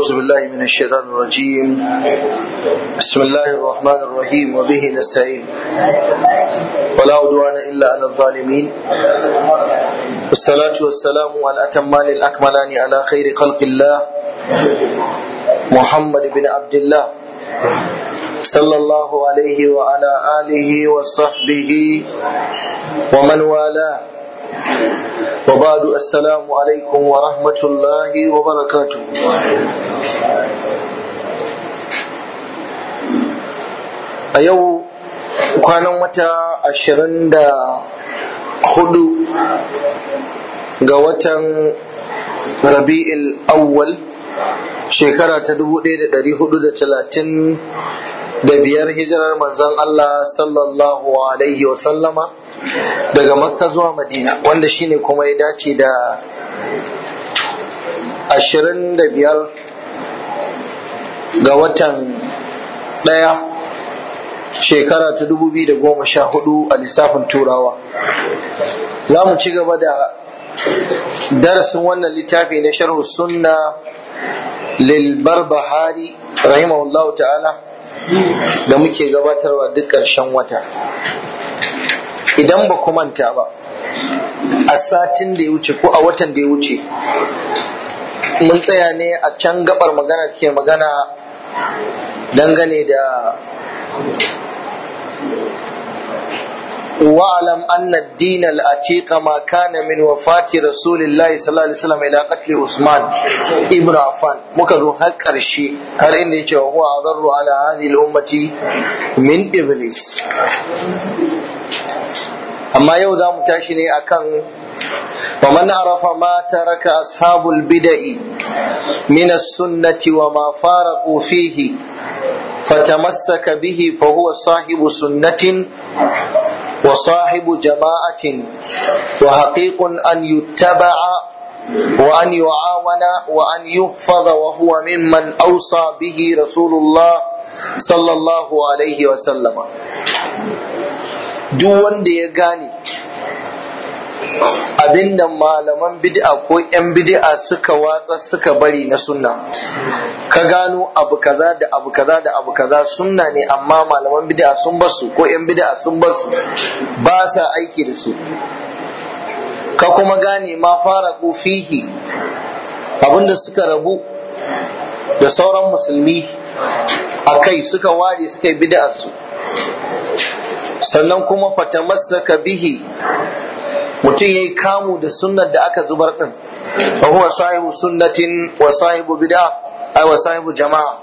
أعوذ بالله من الشيطان الرجيم بسم الله الرحمن الرحيم وبه نستعين ولا عدوان إلا على الظالمين والصلاة والسلام على الأتمان الأكملان على خير خلق الله محمد بن عبد الله صلى الله عليه وعلى آله وصحبه ومن والاه وبعد السلام عليكم ورحمة wa barakatu. a yau kwanan wata ashirin da hudu ga watan rabi'il awwal shekara ta dubu ɗaya da ɗari da talatin da biyar hijirar manzon Allah sallallahu alaihi wasallama daga makka zuwa madina wanda shine kuma ya dace da 25 ga watan daya shekara ta 2014 a lissafin turawa za mu ci gaba da darasin wannan littafi na sharhu sunna lil barbahari rahimahullahu ta'ala da muke gabatarwa duk ƙarshen wata idan ba ku manta ba a satin da ya wuce ko a watan da ya wuce mun tsaya ne a can gabar magana ke magana dangane da واعلم أن الدين الأتيق ما كان من وفاة رسول الله صلى الله عليه وسلم إلى قتل عثمان ابن عفان مكذو هكر الشيء هل إني وهو أضر على هذه الأمة من إبليس أما يودا متاشني أكن ومن عرف ما ترك أصحاب البدع من السنة وما فارقوا فيه فتمسك به فهو صاحب سنة وصاحب جماعة وحقيق أن يتبع وأن يعاون وأن يحفظ وهو ممن أوصى به رسول الله صلى الله عليه وسلم duk wanda ya gane abinda malaman bid'a ko 'yan bid'a suka watsa suka bari na sunna ka gano abu kaza da abu kaza da abu kaza sunna ne amma malaman bid'a sun bar su ko 'yan bid'a sun bar su ba sa aiki da su ka kuma gane ma fara fihi abinda suka rabu da sauran musulmi a kai suka ware suka yi bid'a su sannan kuma fatamassaka bihi mutum yayi kamu da sunnar da aka zubar din fa huwa sahibu sunnatin wa sahibu bid'a ay wa sahibu jama'a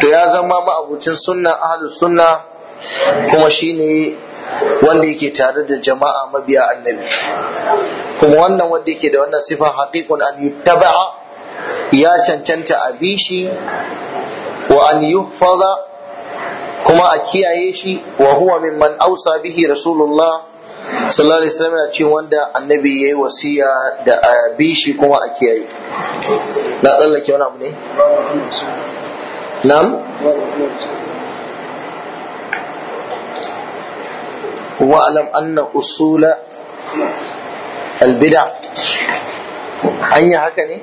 to ya zama ma'abucin sunna ahlus sunna kuma shine wanda yake tare da jama'a mabiya annabi kuma wannan wanda yake da wannan sifa haqiqun an yuttaba'a ya cancanta a bi shi wa an yuhfaza kuma a kiyaye shi wa huwa mimman ausa bihi rasulullah sallallahu alaihi wasallam yana cewa wanda annabi yayi wasiya da a bi shi kuma a kiyaye na tsallake wani abu ne nam Alam anna usula albida hanya haka ne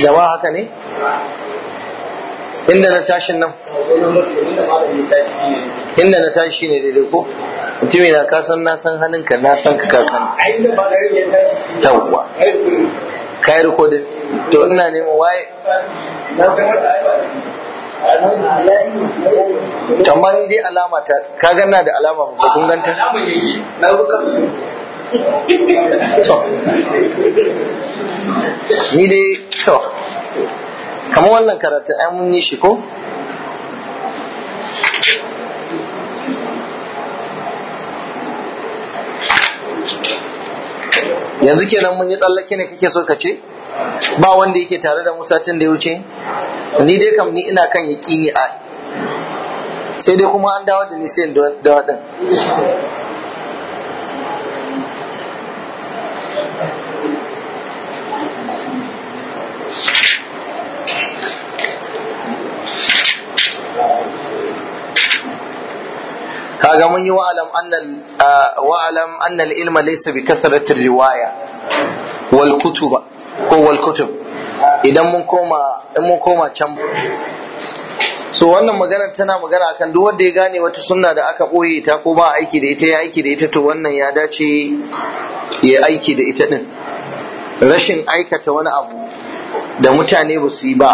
jama'a haka ne inda na tashin nan inda na tashi ne daidai ko mutumi na kasan na san hannunka na san ka kasan yawwa ka yi rikodin to ina nema waye amma ni dai alama ta ka ganna da alama ba kun ganta na ruka to ni dai to kamar wannan karatun ai mun yi shi ko yanzu kenan mun yi tsallake ne kake so ka ce ba wanda yake tare da musacin da ya wuce ni dai kam ni ina kan yaƙini a sai dai kuma an dawo da ni da waɗanda kaga mun yi wa'alam annal wa'alam annal ilma laysa bi kasratir riwaya wal kutuba ko wal kutub idan mun koma in mun koma can so wannan magana tana magana akan duk wanda ya gane wata sunna da aka boye ta ko ba aiki da ita ya aiki da ita to wannan ya dace ya aiki da ita din rashin aikata wani abu da mutane ba su yi ba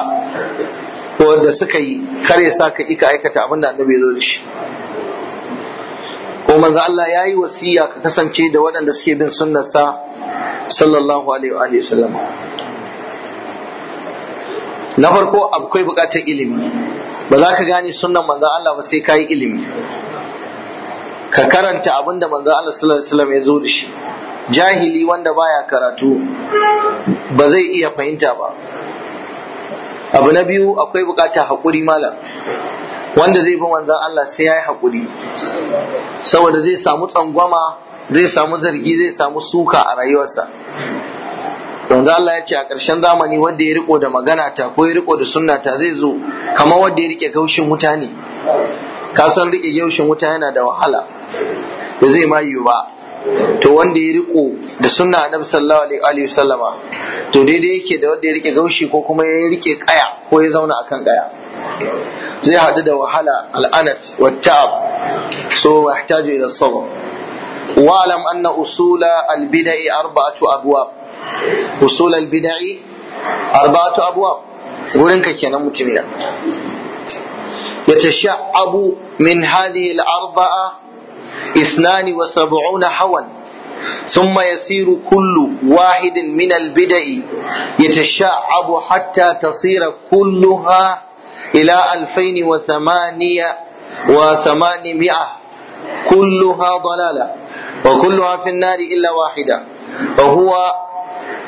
ko da suka yi kare sa ka ika aikata abin da annabi ya zo da shi ko manzo Allah ya yi wasiya ka kasance da waɗanda suke bin sunnarsa sallallahu alaihi wa sallam na farko akwai buƙatar ilimi ba za ka gane sunnan manzo Allah ba sai ka yi ilimi ka karanta abinda manzo Allah sallallahu alaihi wasallam ya zo da shi jahili wanda baya karatu ba zai iya fahimta ba abu na biyu akwai bukatar haƙuri malam wanda zai bi wanzan Allah sai ya yi haƙuri saboda zai samu tsangwama zai samu zargi zai samu suka a rayuwarsa wanzan Allah ya ce a ƙarshen zamani wanda ya riko da magana ta ko ya riko da sunna ta zai zo kamar wanda ya rike gaushin mutane ka san rike gaushin mutane yana da wahala ba zai ma yiwu ba to wanda ya riko da sunna annabi sallallahu alaihi wasallama to daidai yake da wanda ya rike gaushi ko kuma ya rike kaya ko ya zauna akan kaya zai haɗu da wahala al'anat wa ta'ab so wa ihtaju ila sabr wa alam anna usula al-bida'i arba'atu abwab usul al-bida'i arba'atu abwab gurin ka يتشعب من هذه الأربعة اثنان وسبعون حوا ثم يسير كل واحد من البدع يتشعب حتى تصير كلها إلى ألفين وثمانية وثمانمائة كلها ضلالة وكلها في النار إلا واحدة وهو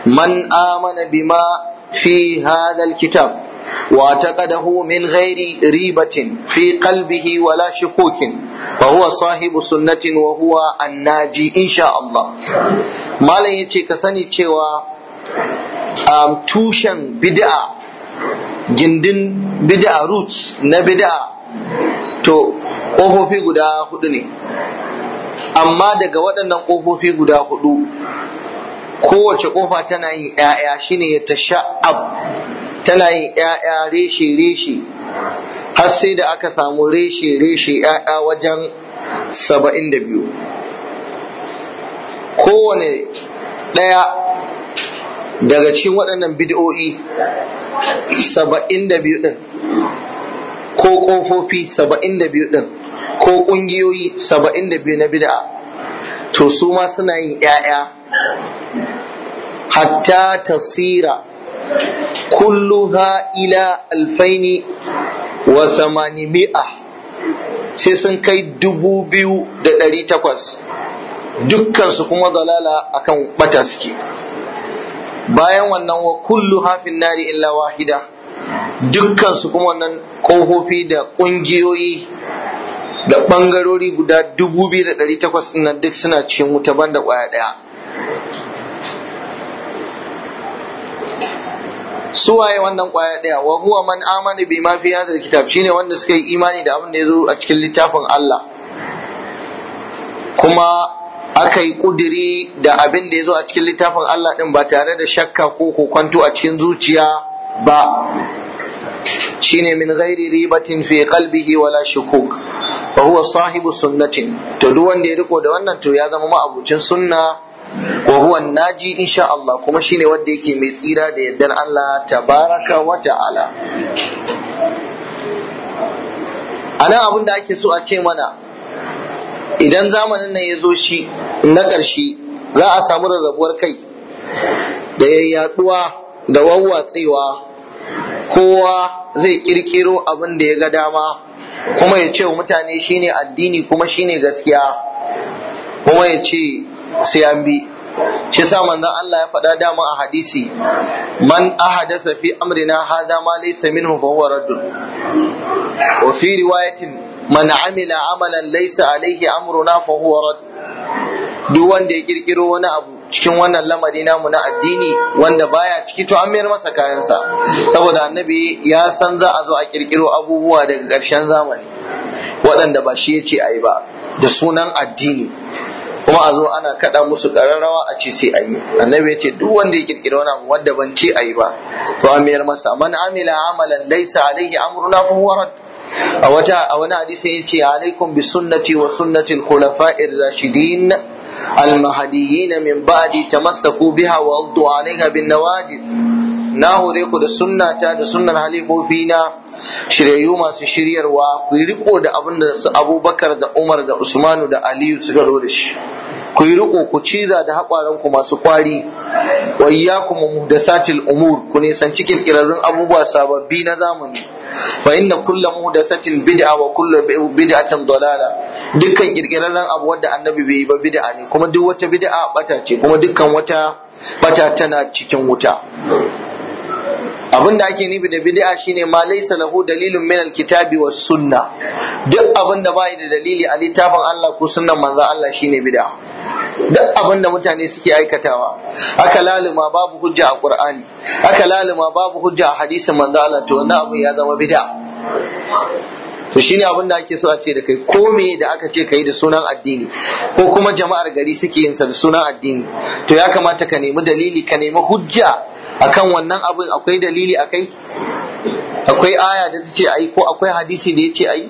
من آمن بما في هذا الكتاب واعتقده من غير ريبة في قلبه ولا شكوك فهو صاحب سنة وهو الناجي إن شاء الله ما لن يتكسني تشوى tushen bid'a gindin bid'a roots na bid'a to ƙofofi guda hudu ne amma daga waɗannan ƙofofi guda hudu kowace ƙofa tana yin ‘ya'ya shine ya ta sha'ab tana yin ‘ya'ya reshe-reshe har sai da aka samu reshe-reshe ‘ya'ya wajen saba'in da biyu kowane ɗaya daga cikin waɗannan bid'o'i saba'in da biyu ɗin ko ƙofofi saba'in da biyu ɗin ko ƙungiyoyi saba'in da biyu na bid'a to su ma suna yin ‘ya'ya hatta tasira ha ila alfaini wa mi'a sai sun kai dubu biyu da ɗari takwas dukkansu kuma dalala akan ɓata suke bayan wannan wa kullu hafin nari illa wahida dukkan su kuma wannan kohofi da ƙungiyoyi da ɓangarori guda 2,800 nan duk suna cikin wuta banda ƙwaya ɗaya waye wannan ƙwaya ɗaya wa huwa man amana bi ma fi hadha kitab shine wanda suka yi imani da abin da ya zo a cikin littafin Allah kuma aka yi kudiri da abin da ya zo a cikin littafin Allah ɗin ba tare da shakka ko kokwanto a cikin zuciya ba shine min ghairi ribatin fi qalbihi wala shukuk fa huwa sahibu sunnatin to duk wanda ya riko da wannan to ya zama ma'abucin sunna wa huwa naji insha Allah kuma shine wanda yake mai tsira da yardar Allah tabaraka wa ta'ala ana abin da ake so a ce mana idan zamanin nan ya zo shi na ƙarshe za a samu rarrabuwar kai da ya yaduwa da wawwatsewa kowa zai kirkiro abin da ya ga dama kuma ya ce wa mutane shine addini kuma shine gaskiya kuma ya ce sai an bi shi sa manzon Allah ya faɗa dama a hadisi man ahadatha fi amrina haza ma laysa minhu fa huwa raddun wa fi riwayatin man amila amalan laysa alaihi amruna fa huwa rad duk wanda ya kirkiro wani abu cikin wannan lamari namu na addini wanda baya ciki to an mayar masa kayansa saboda annabi ya san za a zo a kirkiro abubuwa daga ƙarshen zamani waɗanda ba shi ya ce a yi ba da sunan addini kuma a zo ana kaɗa musu ƙararrawa a ce sai a yi annabi ya ce duk wanda ya kirkiro wani abu wanda ban ce a yi ba to an mayar masa man amila amalan laysa alaihi amruna fa huwa rad a wata a wani hadisi ya ce alaikum bi sunnati wa sunnati al-khulafa'ir rashidin al-mahdiyyin min ba'di tamassaku biha wa addu 'alayha bin nawajid na hore ku da sunnata da sunnar halifofi na shiryayyu masu shiryarwa ku yi riko da abin da su abubakar da umar da usmanu da aliyu suka zo da shi ku yi riko ku ciza da haƙwaranku masu kwari wa iyyakum muhdasatil umur ku cikin kirkirarrun abubuwa sababbi na zamani fa inna kulla muhdathatin bid'a wa kullu bid'atin dalala dukkan ƙirƙirarren abu wanda annabi bai yi ba bid'a ne kuma duk wata bid'a bata ce kuma dukkan wata bata tana cikin wuta abinda ake nufi da bid'a shine ma laysa lahu dalilun min alkitabi was sunna duk abin da bai da dalili a littafin Allah ko sunnan manzon Allah shine bid'a duk abin mutane suke aikatawa aka laluma babu hujja a Qur'ani aka laluma babu hujja a hadisin manzon Allah to wannan abin ya zama bid'a to shine abin da ake so a ce da kai ko me da aka ce kai da sunan addini ko kuma jama'ar gari suke yin sa da sunan addini to ya kamata ka nemi dalili ka nemi hujja akan wannan abin akwai dalili akai akwai aya da ce ai ko akwai hadisi da yace ai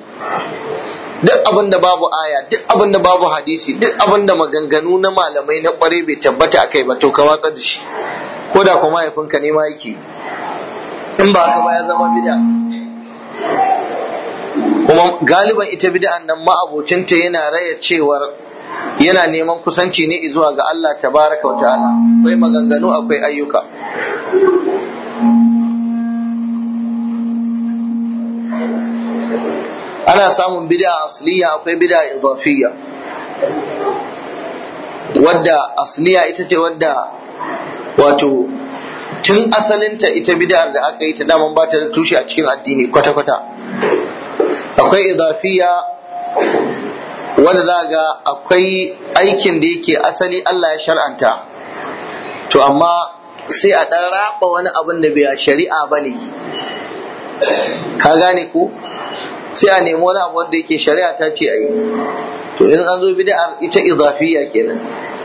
duk abin da babu aya duk abin da babu hadisi duk abin da maganganu na malamai na kware bai tabbata akai ba to ka watsar da shi ko da kuma mahaifinka ne ma yake in ba haka ba ya zama bid'a kuma galiban ita bid'an nan abocinta yana raya cewar yana neman kusanci ne zuwa ga Allah tabaraka wa ta'ala akwai maganganu akwai ayyuka ana samun bid'a asliya akwai bid'a idafiyya wadda asliya ita ce wadda wato tun asalinta ita bid'ar da aka yi ta daman ba ta da tushe a cikin addini kwata-kwata akwai idafiyya wanda za ga akwai aikin da yake asali Allah ya shar'anta to amma sai a ɗan raba wani abin da bai shari'a ba ne ka gane ku sai a nemi wani abu wanda yake shari'a ta ce a yi to in an zo bid'a ita izafiya kenan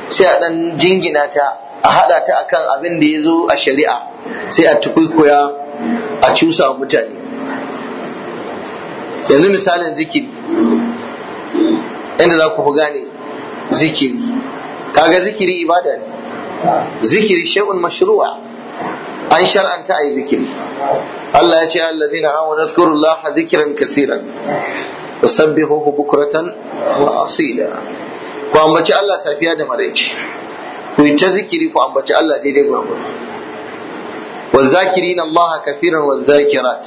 sai a ɗan jingina ta a haɗa ta akan abin da ya zo a shari'a sai a tukuikuya a cusa mutane yanzu misalin zikiri inda za ku gane zikiri kaga zikiri ibada ne zikiri shay'un mashru'a an shar'anta ayi zikiri Allah ya ce allazina amanu zkurullaha zikran kaseeran wasabbihuhu bukratan wa asila ku ambaci Allah safiya da maraice ku yi ta zikiri ku ambaci Allah daidai gurgurdu والذاكرين الله كثيرا والذاكرات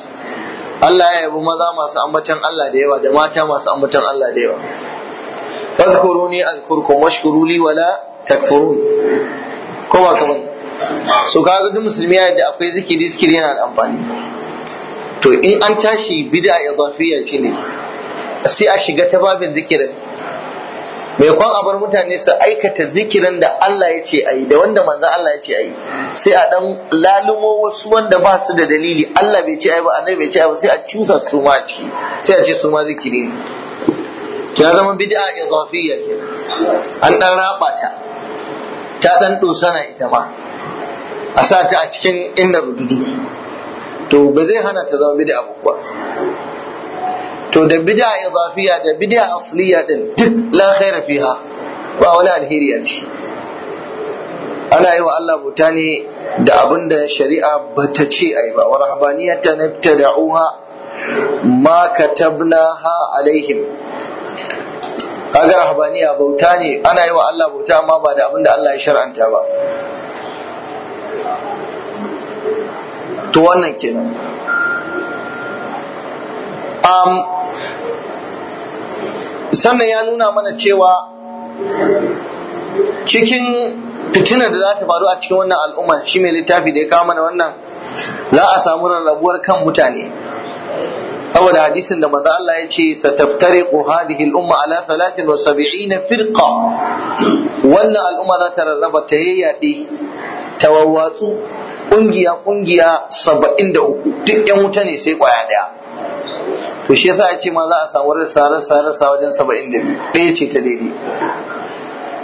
Allah ya yabi maza masu ambatan Allah da yawa da mata masu ambatan Allah da yawa fadhkuruni azkurkum mashkuruli wala takfurun ko ba ka bane so kaga duk musulmi ya da akwai zikiri zikiri yana da amfani to in an tashi bid'a idafiyya shine sai a shiga ta babin zikirin mai kwan abar mutane su aikata zikirin da Allah ya ce a yi da wanda manza Allah ya ce a yi sai a dan lalumo wasu wanda ba su da dalili Allah bai ce a yi ba annabi bai ce a ba sai a cusa su ma ciki sai a ce su ma zikiri ya zama bid'a idafiyya an dan raba ta ta dan dosana ita ma a sa ta a cikin inna rududu to ba zai hana ta zama bid'a ba to da bid'a idafiyya da bid'a asliya din duk la khaira fiha ba wani alheri a ciki ana yi wa Allah buta ne da abin da shari'a ba ta ce a yi ba wa ta na ta da'uha ma katabnaha alaihim kaga rahabaniya bauta ne ana yi wa Allah bauta amma ba da abin da Allah ya shar'anta ba to wannan kenan um, sannan ya nuna mana cewa cikin fitinar da za ta faru a cikin wannan al'umma shi mai littafi da ya kawo mana wannan za a samu rarrabuwar kan mutane saboda hadisin da manzo Allah ya ce sataftariqu hadhihi al-umma ala 73 firqa wannan al'umma za ta rarraba ta yayyade ta wawwatsu kungiya kungiya 73 duk yan wuta ne sai kwaya daya to shi yasa ya ce ma za a samu rasa rasa sa wajen 72 ɗaya ce ta daidai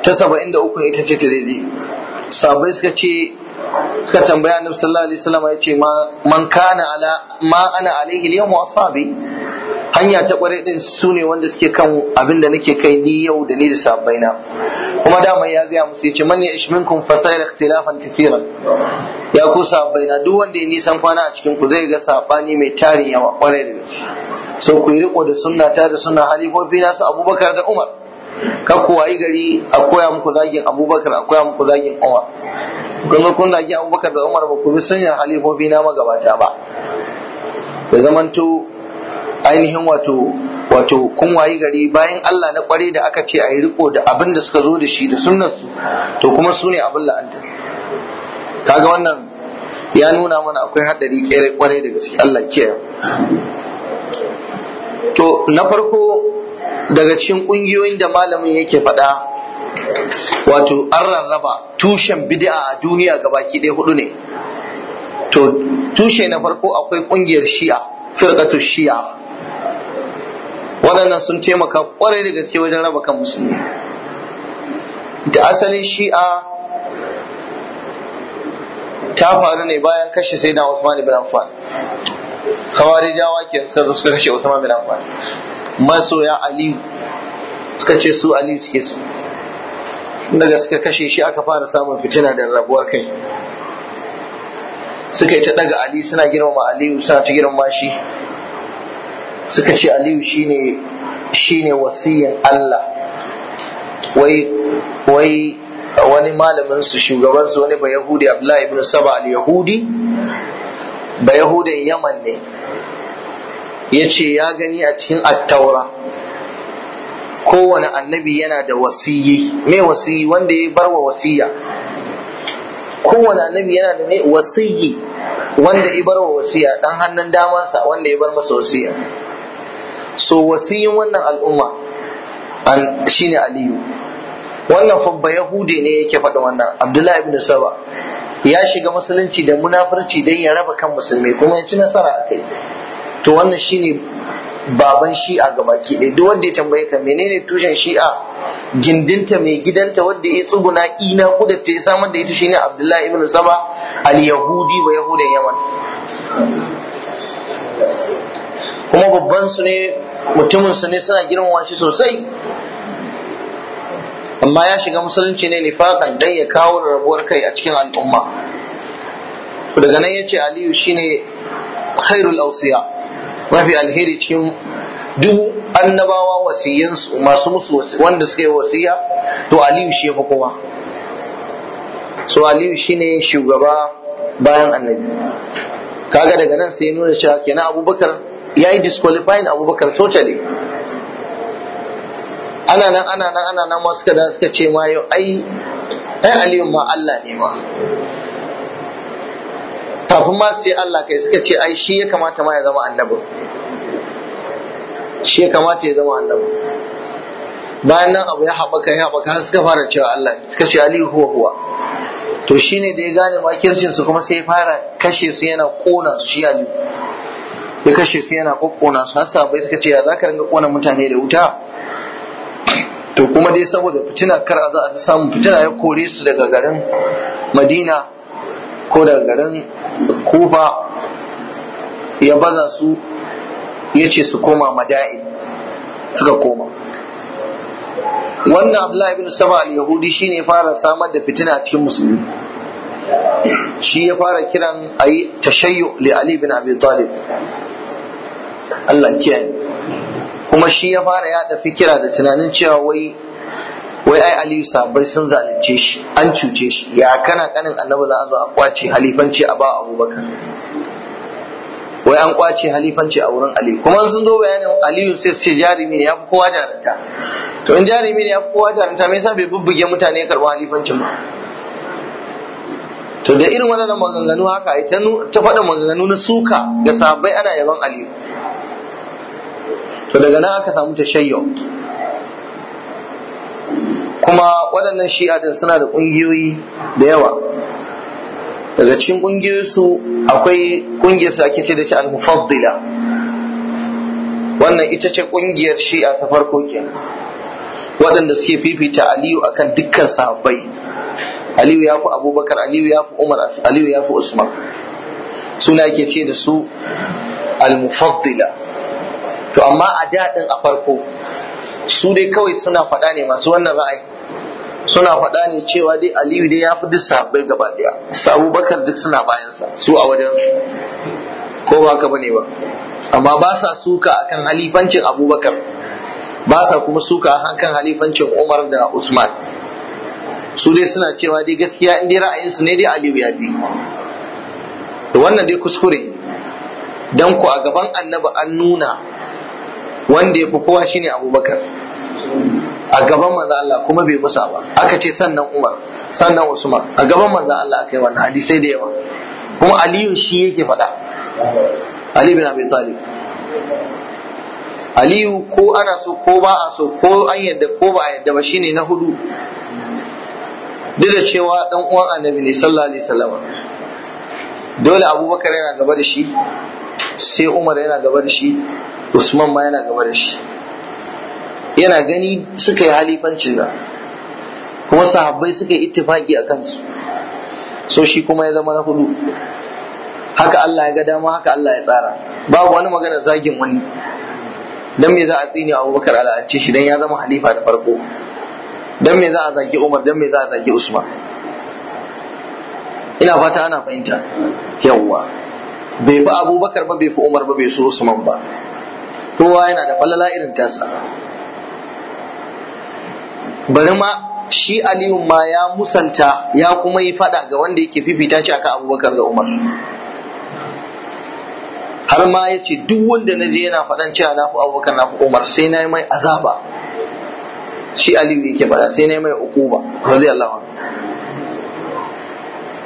ta 73 ita ce ta daidai sabai suka ce suka tambaya annabi sallallahu alaihi wasallam yace man kana ala ma ana alaihi yawm wa hanya ta kware din su ne wanda suke kan abin da nake kai ni yau da ni da sabaina kuma dama ya gaya musu yace man ya'ish minkum fa sayra ikhtilafan kaseeran ya ku sabaina duk wanda ya nisan kwana a cikin ku zai ga sabani mai tarin yawa kware da so ku yi riko da sunna ta da sunna halifofi nasu Abubakar da Umar ka ku wayi gari a koya muku zagin abubakar a koya muku zagin umar kun kun zagi abubakar da umar ba ku bi sanya halifofi na magabata ba da zamanto ainihin wato wato kun wayi gari bayan Allah na kware da aka ce a yi riko da abin da suka zo da shi da sunnar su to kuma su ne abin la'anta kaga wannan ya nuna mana akwai hadari kere kware da gaske Allah kiyaye to na farko daga cikin ƙungiyoyin da malamin yake faɗa wato an rarraba tushen bid'a a duniya gabaki ɗaya hudu ne to tushe na farko akwai ƙungiyar shi'a firqatu shi'a waɗannan sun taimaka ƙwarai da gaske wajen raba kan musulmi da asalin shi'a ta faru ne bayan kashe sai na Usman ibn Affan kawari ke suka kashe Usman ibn Affan masoya aliyu suka ce su aliyu suke su daga suka kashe shi aka fara samun fitina da rabuwa kai suka yi ta daga ali suna girmama aliyu suna ta girmama shi suka ce aliyu shine shine wasiyin Allah wai wai wani malamin su shugaban su wani bayahudi abdullahi ibn saba al yahudi bayahudan yaman ne ya ce ya gani a cikin attaura kowane annabi yana da wasiyi mai wasiyi wanda ya barwa wasiya kowane annabi yana da mai wasiyi wanda ya barwa wasiya dan hannun damansa wanda ya bar masa wasiya so wasiyin wannan al'umma shine aliyu wannan fabba yahude ne yake faɗa wannan abdullahi ibn saba ya shiga musulunci da munafurci don ya raba kan musulmi kuma ya ci nasara a kai to wannan shine baban shi'a ga baki ɗaya duk wanda ya tambaye ka menene tushen shi'a gindinta mai gidanta wanda ya tsuguna ina ta ya samar da ita shine abdullahi ibn saba al-yahudi wa yahudan yaman kuma babban su ne mutumin su ne suna girmama shi sosai amma ya shiga musulunci ne nifakan dan ya kawo rabuwar kai a cikin al'umma daga nan ya ce aliyu shine khairul ausiya mafi alheri cikin duk annabawa wasiyansu masu musu wanda suka yi wasiya to aliyu shi fa kowa so aliyu shine shugaba bayan annabi kaga daga nan sai nuna cewa kenan abubakar ya yi disqualifying abubakar totally ana nan ana nan ana nan ma suka da suka ce ma yau ai ai aliyu ma Allah ne ma kafin ma sai ce Allah kai suka ce ai shi ya kamata ma ya zama annabi shi ya kamata ya zama annabi bayan nan abu ya haɓaka ya haɓaka har suka fara cewa Allah suka ce Ali huwa huwa to shine da ya gane makircin su kuma sai ya fara kashe su yana kona su shi Ali ya kashe su yana kokona su har sabai suka ce ya zaka ringa kona mutane da wuta to kuma dai saboda fitina kar a za a samu fitina ya kore su daga garin Madina ko daga garin kufa ya baza su ya ce su koma madai suka koma wannan abdullahi ibn saba al-yahudi shine fara samar da fitina a cikin musulmi shi ya fara kiran ayi tashayyu li ali ibn abi talib Allah kiyaye kuma shi ya fara yada fikira da tunanin cewa wai wai ai aliyu sabai sun zalunce shi an cuce shi ya kana kanin annabi za azu zo a kwace halifanci a ba abubakar wai an kwace halifanci a wurin aliyu kuma sun zo bayanin aliyu sai su ce jarumi ne ya fi kowa jarinta to in jarumi ne ya fi kowa jarinta me yasa bai bubbuge mutane ya karɓi halifancin ba to da irin waɗannan maganganu haka ai ta faɗa maganganu na suka ga sabai ana yaban aliyu to daga nan aka samu tashayyo kuma waɗannan shi'a din suna da ƙungiyoyi da yawa daga cikin ƙungiyoyinsu akwai ƙungiyar su ake ce da shi al-mufaddila wannan ita ce ƙungiyar shi'a ta farko kenan waɗanda suke fifita aliyu akan dukkan sahabbai aliyu ya fi abubakar aliyu ya fi umar aliyu ya fi usman suna ake ce da su al-mufaddila to amma a daɗin a farko su dai kawai suna faɗa ne masu wannan ra'ayi suna faɗa ne cewa dai aliyu dai ya fi duk sahabbai gaba ɗaya su abubakar duk suna bayansa su a wajen ko ba ka bane ba amma ba sa suka akan halifancin abubakar ba sa kuma suka akan halifancin umar da usman su dai suna cewa dai gaskiya in dai su ne dai aliyu ya fi to wannan dai kuskure dan ku a gaban annabi an nuna wanda ya fi kowa shine abubakar a gaban manzo Allah kuma bai musa ba aka ce sannan Umar sannan Usman a gaban manzo Allah aka yi wannan sai da yawa kuma Aliyu shi yake faɗa Ali bin Abi Talib Aliyu ko ana so ko ba a so ko an yadda ko ba a yadda ba shine na hudu duk da cewa dan uwan annabi ne sallallahu alaihi wasallam dole Abubakar yana gaba da shi sai Umar yana gaba da shi Usman ma yana gaba da shi yana gani suka yi halifancin nan kuma sahabbai suka yi ittifaki a kansu so shi kuma ya zama na hudu haka Allah ya ga dama haka Allah ya tsara babu wani magana zagin wani dan me za a tsine Abubakar al'ance shi dan ya zama halifa da farko dan me za a zagi Umar dan me za a zagi Usman ina fata ana fahimta yawa. bai fi Abubakar ba bai fi Umar ba bai so Usman ba kowa yana da falala irin tasa bari ma shi aliyu ma ya musanta ya kuma yi fada ga wanda yake fifita shi aka abubakar da umar har ma ya ce duk wanda na je yana fadan cewa na fi abubakar na fi umar sai na yi mai azaba shi aliyu yake fada sai na yi mai ukuba razi Allah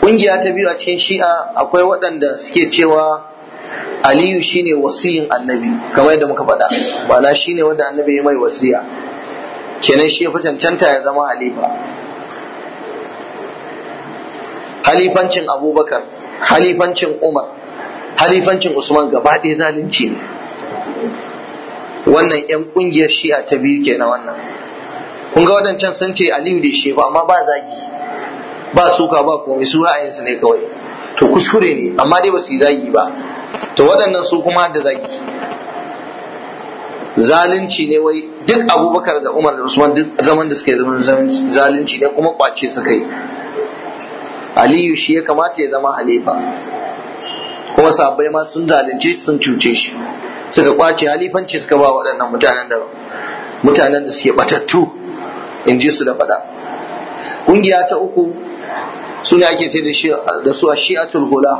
ƙungiya ta biyu a cikin shi'a akwai waɗanda suke cewa aliyu shine wasiyin annabi kamar yadda muka faɗa na shine wanda annabi ya mai wasiya kenan shi ya fi cancanta ya zama halifa halifancin abubakar halifancin umar halifancin usman gaba ɗaya zalunci ne wannan 'yan ƙungiyar shi'a ta biyu kenan wannan kun ga wadancan sun ce aliyu da shi ba amma ba zagi ba suka ba komai su ra'ayinsu ne kawai to kuskure ne amma dai ba su yi zagi ba to waɗannan su kuma da zagi zalunci ne wai duk abubakar da umar da usman duk zaman da suke zaman zalunci ne kuma kwace su yi aliyu shi ya kamata ya zama halifa kuma sabai ma sun zalunce sun cuce shi suka kwace halifanci suka ba waɗannan mutanen da mutanen da suke batattu in ji su da faɗa ƙungiya ta uku su ake ce da su a shi'atul hula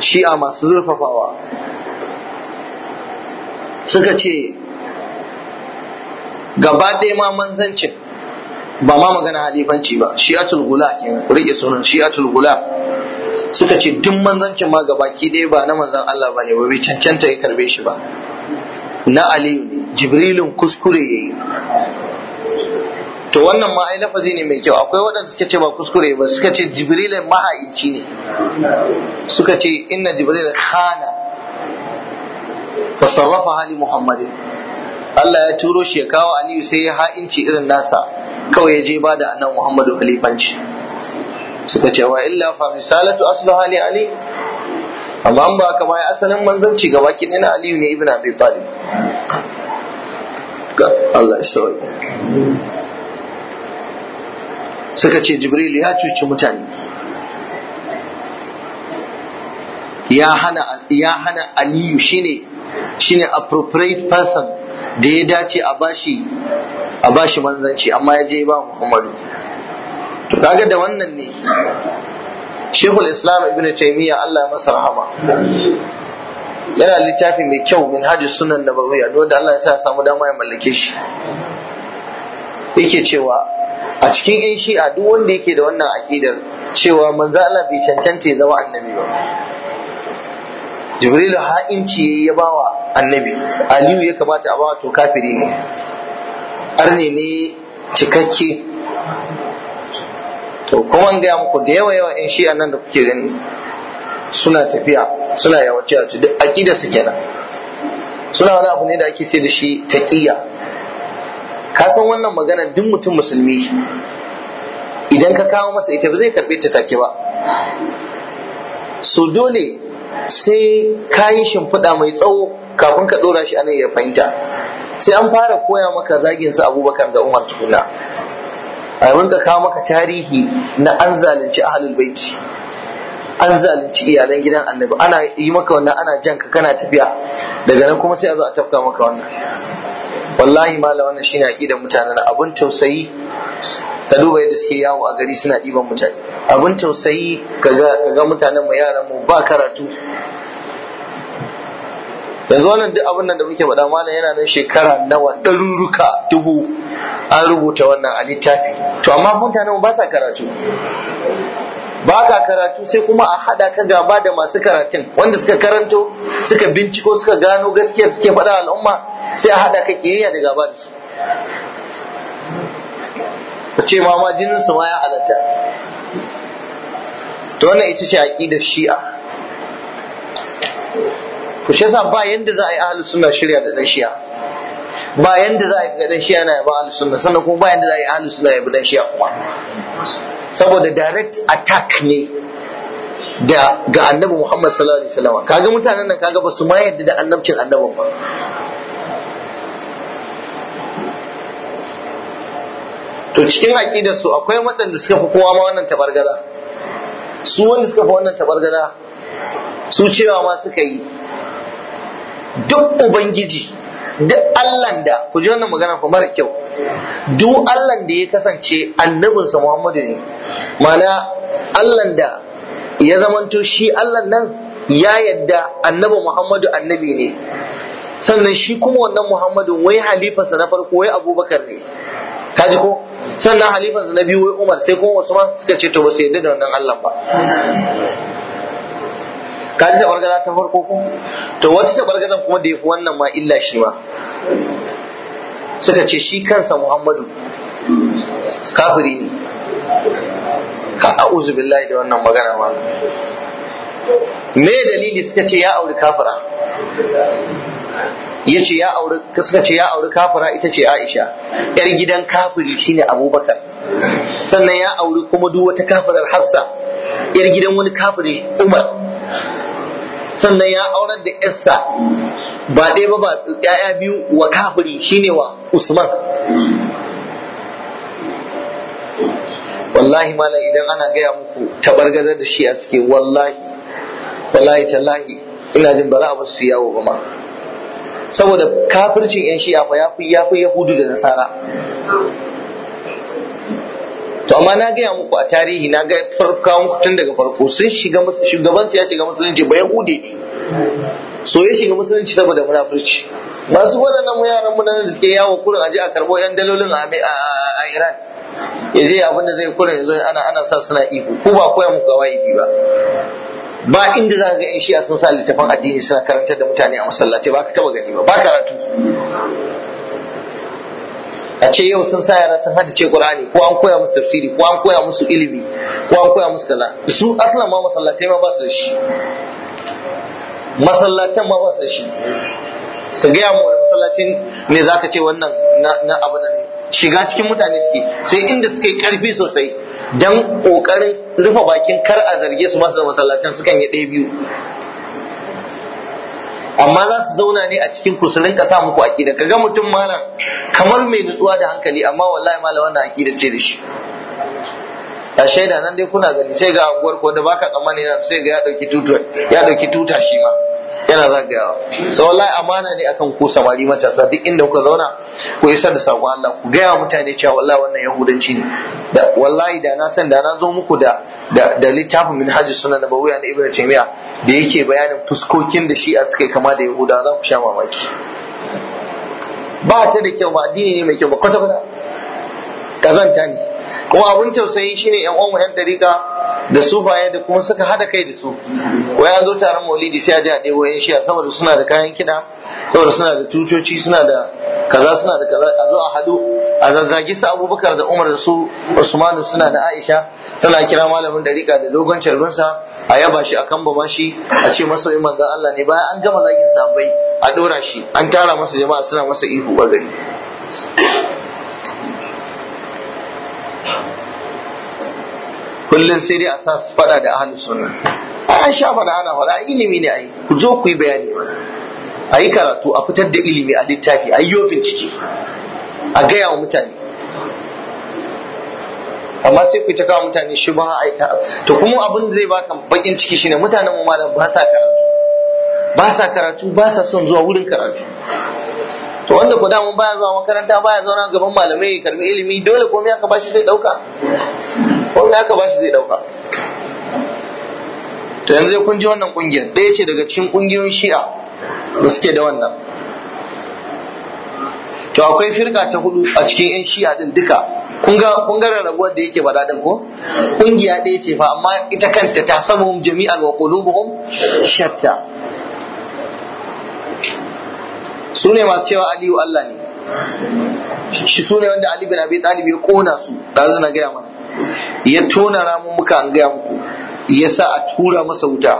shi'a masu zurfafawa suka ce gaba ɗaya ma manzancin ba ma magana halifanci ba shi'atul gula kenan rike sunan shi'atul gula suka ce duk manzancin ma gaba ki ɗaya ba na manzan Allah ba ne ba bai cancanta ya karbe shi ba na Ali Jibrilun kuskure yayi to wannan ma ai lafazi ne mai kyau akwai waɗanda suka ce ba kuskure ba suka ce Jibrilun mahaici ne suka ce inna Jibril khana fasarrafa hali muhammadin Allah ya turo shi ya kawo Aliyu sai ya ha'inci irin nasa kawai ya je bada annan Muhammadu halifanci suka ce wa illa fa misalatu aslu hali ali amma an ba kama ya asalin manzanci ga baki ɗin Aliyu ne ibn Abi Talib Allah ya sauya suka ce Jibril ya cuci mutane ya hana ya hana Aliyu shine shine appropriate person da ya dace a bashi a bashi manzanci amma ya je ba Muhammadu to kaga da wannan ne Sheikhul Islam Ibn Taymiyyah Allah ya masa rahama yana littafi mai kyau min hajji sunan a wanda Allah ya sa samu dama ya mallake shi yake cewa a cikin yan shi'a duk wanda yake da wannan aƙidar cewa manzo Allah bai cancanta ya zama annabi ba jibrilu ha'inci ya bawa annabi aliyu ya kamata a bawa to kafiri ne arne ne cikakke to kuma an gaya muku da yawa yawa yan shi nan da kuke gani suna tafiya suna yawace a duk aqida su kenan suna wani abu ne da ake ce da shi taqiya ka san wannan magana duk mutum musulmi idan ka kawo masa ita ba zai karbe ta take ba su dole sai ka yi shimfiɗa mai tsawo kafin ka ɗora shi anan ya fahimta sai an fara koya maka zagin su abubakar da umar tukuna a rinka kawo maka tarihi na an zalunci halin baiti an zalunci iyalan gidan annabi ana yi maka wannan ana jan ka kana tafiya daga nan kuma sai a zo a tafka maka wannan wallahi mala wannan shine aqidar mutanen abun tausayi ka duba yadda suke yawo a gari suna ɗiban mutane abin tausayi ga mutanen mu yaran mu ba karatu yanzu wannan duk abin nan da muke faɗa malam yana nan shekara nawa ɗaruruka dubu an rubuta wannan a littafi to amma mutanen ba sa karatu ba ka karatu sai kuma a haɗa ka gaba da masu karatun wanda suka karanto suka binciko suka gano gaskiyar suke faɗa al'umma sai a haɗa ka ƙiyayya da gaba da su ka ce ma ma jinin su ma ya halatta to wannan ita ce aqidar shi'a ku shi yasa ba yanda za a yi ahlus sunna shirya da dan shi'a ba yanda za a yi dan shi'a na ba ahlus sunna sannan kuma ba yanda za a yi ahlus sunna ya bi dan shi'a kuma saboda direct attack ne da ga annabi Muhammad sallallahu alaihi wasallam kaga mutanen nan kaga ba su ma yadda da annabcin annabin ba to cikin aqidar su akwai waɗanda suka fi kowa ma wannan tabargada su wanda suka fi wannan tabargada su cewa ma suka yi duk ubangiji duk allan da ku ji wannan magana fa mara kyau duk allan da ya kasance annabinsa muhammadu ne mana allan da ya zamanto shi allan nan ya yadda annabi muhammadu annabi ne sannan shi kuma wannan muhammadu wai halifarsa na farko wai abubakar ne kaji ko sannan halifansa na biyu wai Umar sai kuma Usman suka ce to ba su yadda da wannan Allah ba ka ji gada ta farko ko to wata gada kuma da ya fi wannan ma illa shi ma suka ce shi kansa Muhammadu kafiri ne ka a'udhu billahi da wannan magana ma me dalili suka ce ya auri kafira yace ya auri suka ce ya auri kafira ita ce Aisha yar gidan kafiri shine Abubakar sannan ya auri kuma duk wata kafirar Hafsa yar gidan wani kafiri Umar sannan ya aurar da Issa ba ɗaya ba ba yaya biyu wa kafiri shine wa Usman wallahi mala idan ana gaya muku tabargazar da shi a cikin wallahi wallahi tallahi ina jin ba za a bar su yawo ba ma saboda kafircin yan shi'a fa ya fi ya fi yahudu da nasara to amma na gaya muku a tarihi na ga farko tun daga farko sun shiga shugaban ya shiga musulunci ba yahudi so ya shiga musulunci saboda munafurci masu waɗannan mu yaran mu da suke yawo kurin aje a karbo yan dalolin a Iran ya je abinda zai kurin yanzu ana ana sa suna ihu ku ba koya muku gawayi ba ba inda za ga 'yan shi'a sun sa littafin addini suna karantar da mutane a masallaci ba ka taba gani ba ba karatu a ce yau sun sa yara sun hada ce qur'ani ko an koya musu tafsiri ko an koya musu ilimi ko an koya musu kaza su aslan ma masallatai ma ba su shi masallatan ma ba su shi ka gaya mu wani masallacin ne zaka ce wannan na abu na ne shiga cikin mutane suke sai inda suke karfi sosai dan kokarin rufe bakin kar a zarge su masu masallatan sukan yi ɗaya biyu amma za su zauna ne a cikin kusurin ka muku sa muku aƙida kaga mutum malam kamar mai nutsuwa da hankali amma wallahi malam wannan aƙida ce da shi a shaida nan dai kuna gani sai ga anguwar ko da baka tsammani na sai ga ya dauki tuta ya dauki tuta shi ma yana zagayawa so wallahi amana ne akan ku samari matasa duk inda kuka zauna ku isar da sakon Allah ku gaya wa mutane cewa wallahi wannan yahudanci ne da wallahi da na san da na zo muku da da littafin suna sunan nabawi na ibnu taymiya da yake bayanin fuskokin da shi a suka kama da yahuda za ku sha mamaki ba ta da kyau ba addini ne mai kyau ba kwata kwata kazanta ne kuma abun tausayi shine yan uwan yan dariƙa da sufaye da kuma suka hada kai da su wai an zo taron maulidi sai a ji a ɗebo yan shiya saboda suna da kayan kiɗa saboda suna da tutoci suna da kaza suna da kaza a zo a haɗu a zazzagi su abubakar da umar da su usmanu suna da aisha tana kira malamin dariƙa da dogon carbinsa a yaba shi a kamba shi a ce masoyin manzan Allah ne bayan an gama zagin sabai a ɗora shi an tara masa jama'a suna masa ihu a kullum sai dai a sa su faɗa da suna. sunna an sha fada ana fada ilimi ne yi ku zo ku yi bayani a yi karatu a fitar da ilimi a littafi a yi bincike a gaya wa mutane amma sai ku ta kawo mutane shi ba a yi ta to kuma abin da zai baka bakin ciki shine mutanen mu malam ba sa karatu ba sa karatu ba sa son zuwa wurin karatu to wanda ko damu baya zuwa makaranta baya zauna gaban malamai ya karbi ilimi dole komai aka bashi zai dauka komai aka bashi zai dauka to yanzu kun ji wannan kungiyar ɗaya ce daga cikin kungiyoyin shi'a da suke da wannan to akwai firka ta hudu a cikin yan shi'a din duka kun ga rarrabuwar da yake bada din ko kungiya ɗaya ce fa amma ita kanta ta samu jami'al wa qulubuhum shatta su ne masu cewa aliyu Allah ne shi su ne wanda Ali bin Abi Talib ya kona su da na gaya mana ya tona ramun muka an gaya muku ya sa a tura masa wuta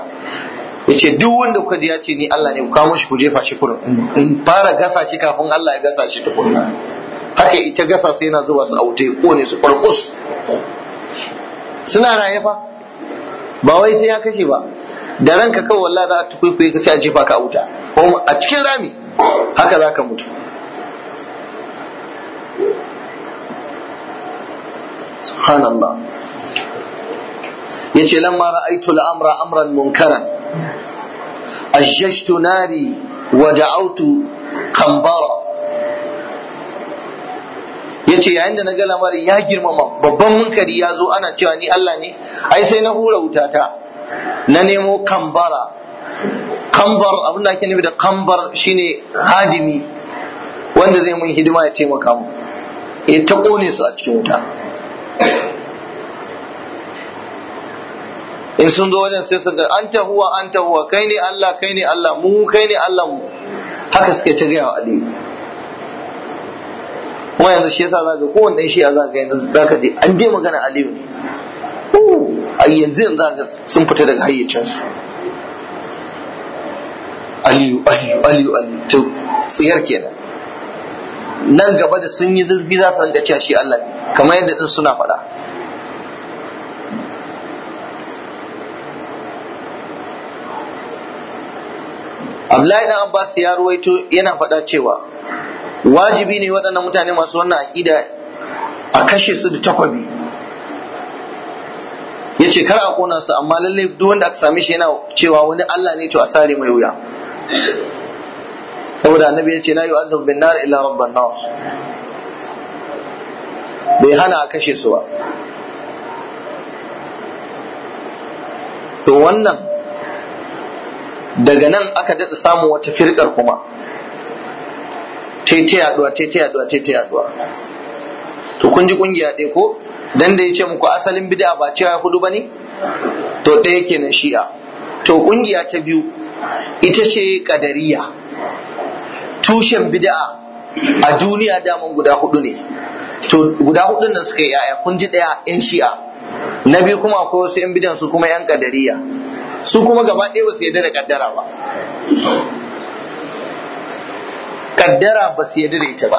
ya ce duk wanda kuka ji ya ce ni Allah ne ku kawo shi ku jefa shi kurin in fara gasa shi kafin Allah ya gasa shi ta tukunna haka ita gasa sai yana zuwa su a wuta ya kone su farkus suna raye fa ba wai sai ya kashe ba da ranka kawai wallahi za a tukuikuye ka sai a jefa ka a wuta a cikin rami haka za ka mutu subhanallah ce lamma ra'aitu al'amra amran munkaran ajjashtu nari wa kambara ya yace yayin da na ga lamarin ya girmama babban munkari ya zo ana cewa ni Allah ne ai sai na hura wutata na nemo kambara kambar abin da ake nufi da kambar shine hadimi wanda zai mun hidima ya taimaka mu ya ta kone su a cikin wuta in sun zo wajen sai sun ga an tahuwa an tahuwa kai ne Allah kai ne Allah mu kai ne Allah mu haka suke ta gaya wa Aliyu. kuma yanzu shi yasa zaka kowanne shi a zaka yanzu zaka je an je magana Ali ayyanzu yanzu yanzu zaka sun fita daga hayyacinsu aliyu aliyu aliyu aliyu to tsiyar kenan nan gaba da sun yi zurfi za su rinka cewa shi Allah ne kamar yadda din suna faɗa Abdullahi dan Abbas ya ruwaito yana faɗa cewa wajibi ne waɗannan mutane masu wannan aƙida a kashe su da takwabi ya kar a kona su amma lallai duk wanda aka same shi yana cewa wani Allah ne to a sare mai wuya saboda annabi ya ce la yu'adhabu bin nar illa rabban nar bai hana a kashe su ba to wannan daga nan aka daɗa samun wata firƙar kuma tete yaduwa tete yaduwa tete yaduwa to kun ji kungiya ɗaya ko dan da ce muku asalin bid'a ba cewa hudu ne? to ɗaya kenan shi'a to kungiya ta biyu ita ce kadariya tushen bid'a a duniya daman guda hudu ne to guda hudun nan suka yi yaya kun ji daya yan shi'a na biyu kuma akwai wasu yan bidan su kuma yan kadariya su kuma gaba ɗaya ba su yadda da kaddara ba kaddara ba su yadda da ita ba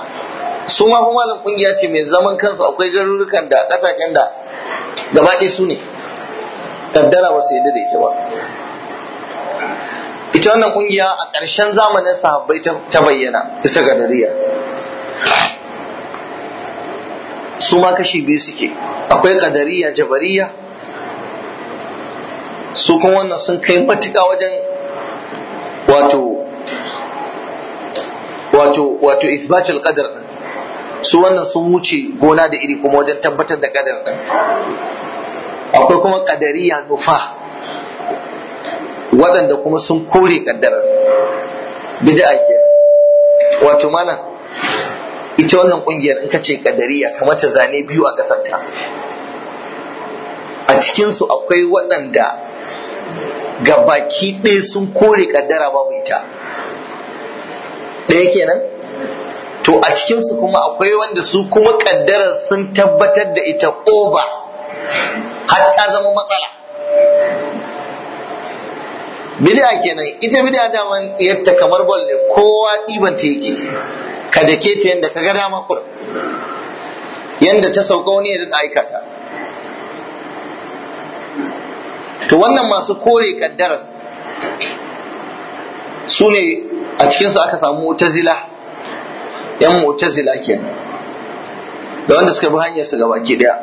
su ma kuma malam kungiya ce mai zaman kansu akwai garurukan da kasashen da gaba ɗaya su ne kaddara ba su yadda da ita ba ita wannan kungiya a ƙarshen zamanin sahabbai ta bayyana ita dariya su ma kashi biyu suke akwai kadariya jabariya su kuma wannan sun kai matuka wajen wato wato wato isbatul qadar su wannan sun wuce gona da iri kuma wajen tabbatar da qadar akwai kuma kadariya nufa waɗanda kuma sun kore kaddara bid'a ke wato malam ita wannan kungiyar in ka ce kadariya kamar ta zane biyu a ƙasarta a cikinsu akwai waɗanda ga baki ɗaya sun kore kaddara babu ita ɗaya kenan to a cikinsu kuma akwai wanda su kuma ƙaddarar sun tabbatar da ita ƙoba, har ta zama matsala bid'a kenan ita bid'a man tsiyarta kamar balle, kowa diban ta yake ka ke ta yanda ka ga dama kur yanda ta sauka wani da aikata to wannan masu kore kaddara su ne a cikin su aka samu mutazila yan mutazila kenan da wanda suka bi hanyar su gaba ki daya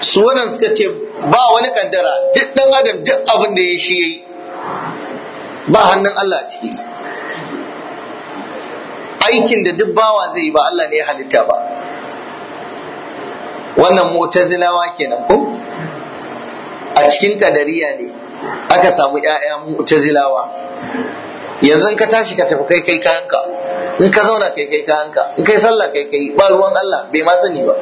su waɗanda suka ce ba wani kaddara duk dan adam duk abin da ya shi yayi ba hannun Allah ciki aikin da duk bawa zai yi ba Allah ne ya halitta ba wannan mu'tazilawa kenan ko a cikin kadariya ne aka samu ƴaƴa mu'tazilawa yanzu ka tashi ka tafi kai kai ka hanka in ka zauna kai kai ka hanka in kai sallah kai kai ba ruwan Allah bai ma sani ba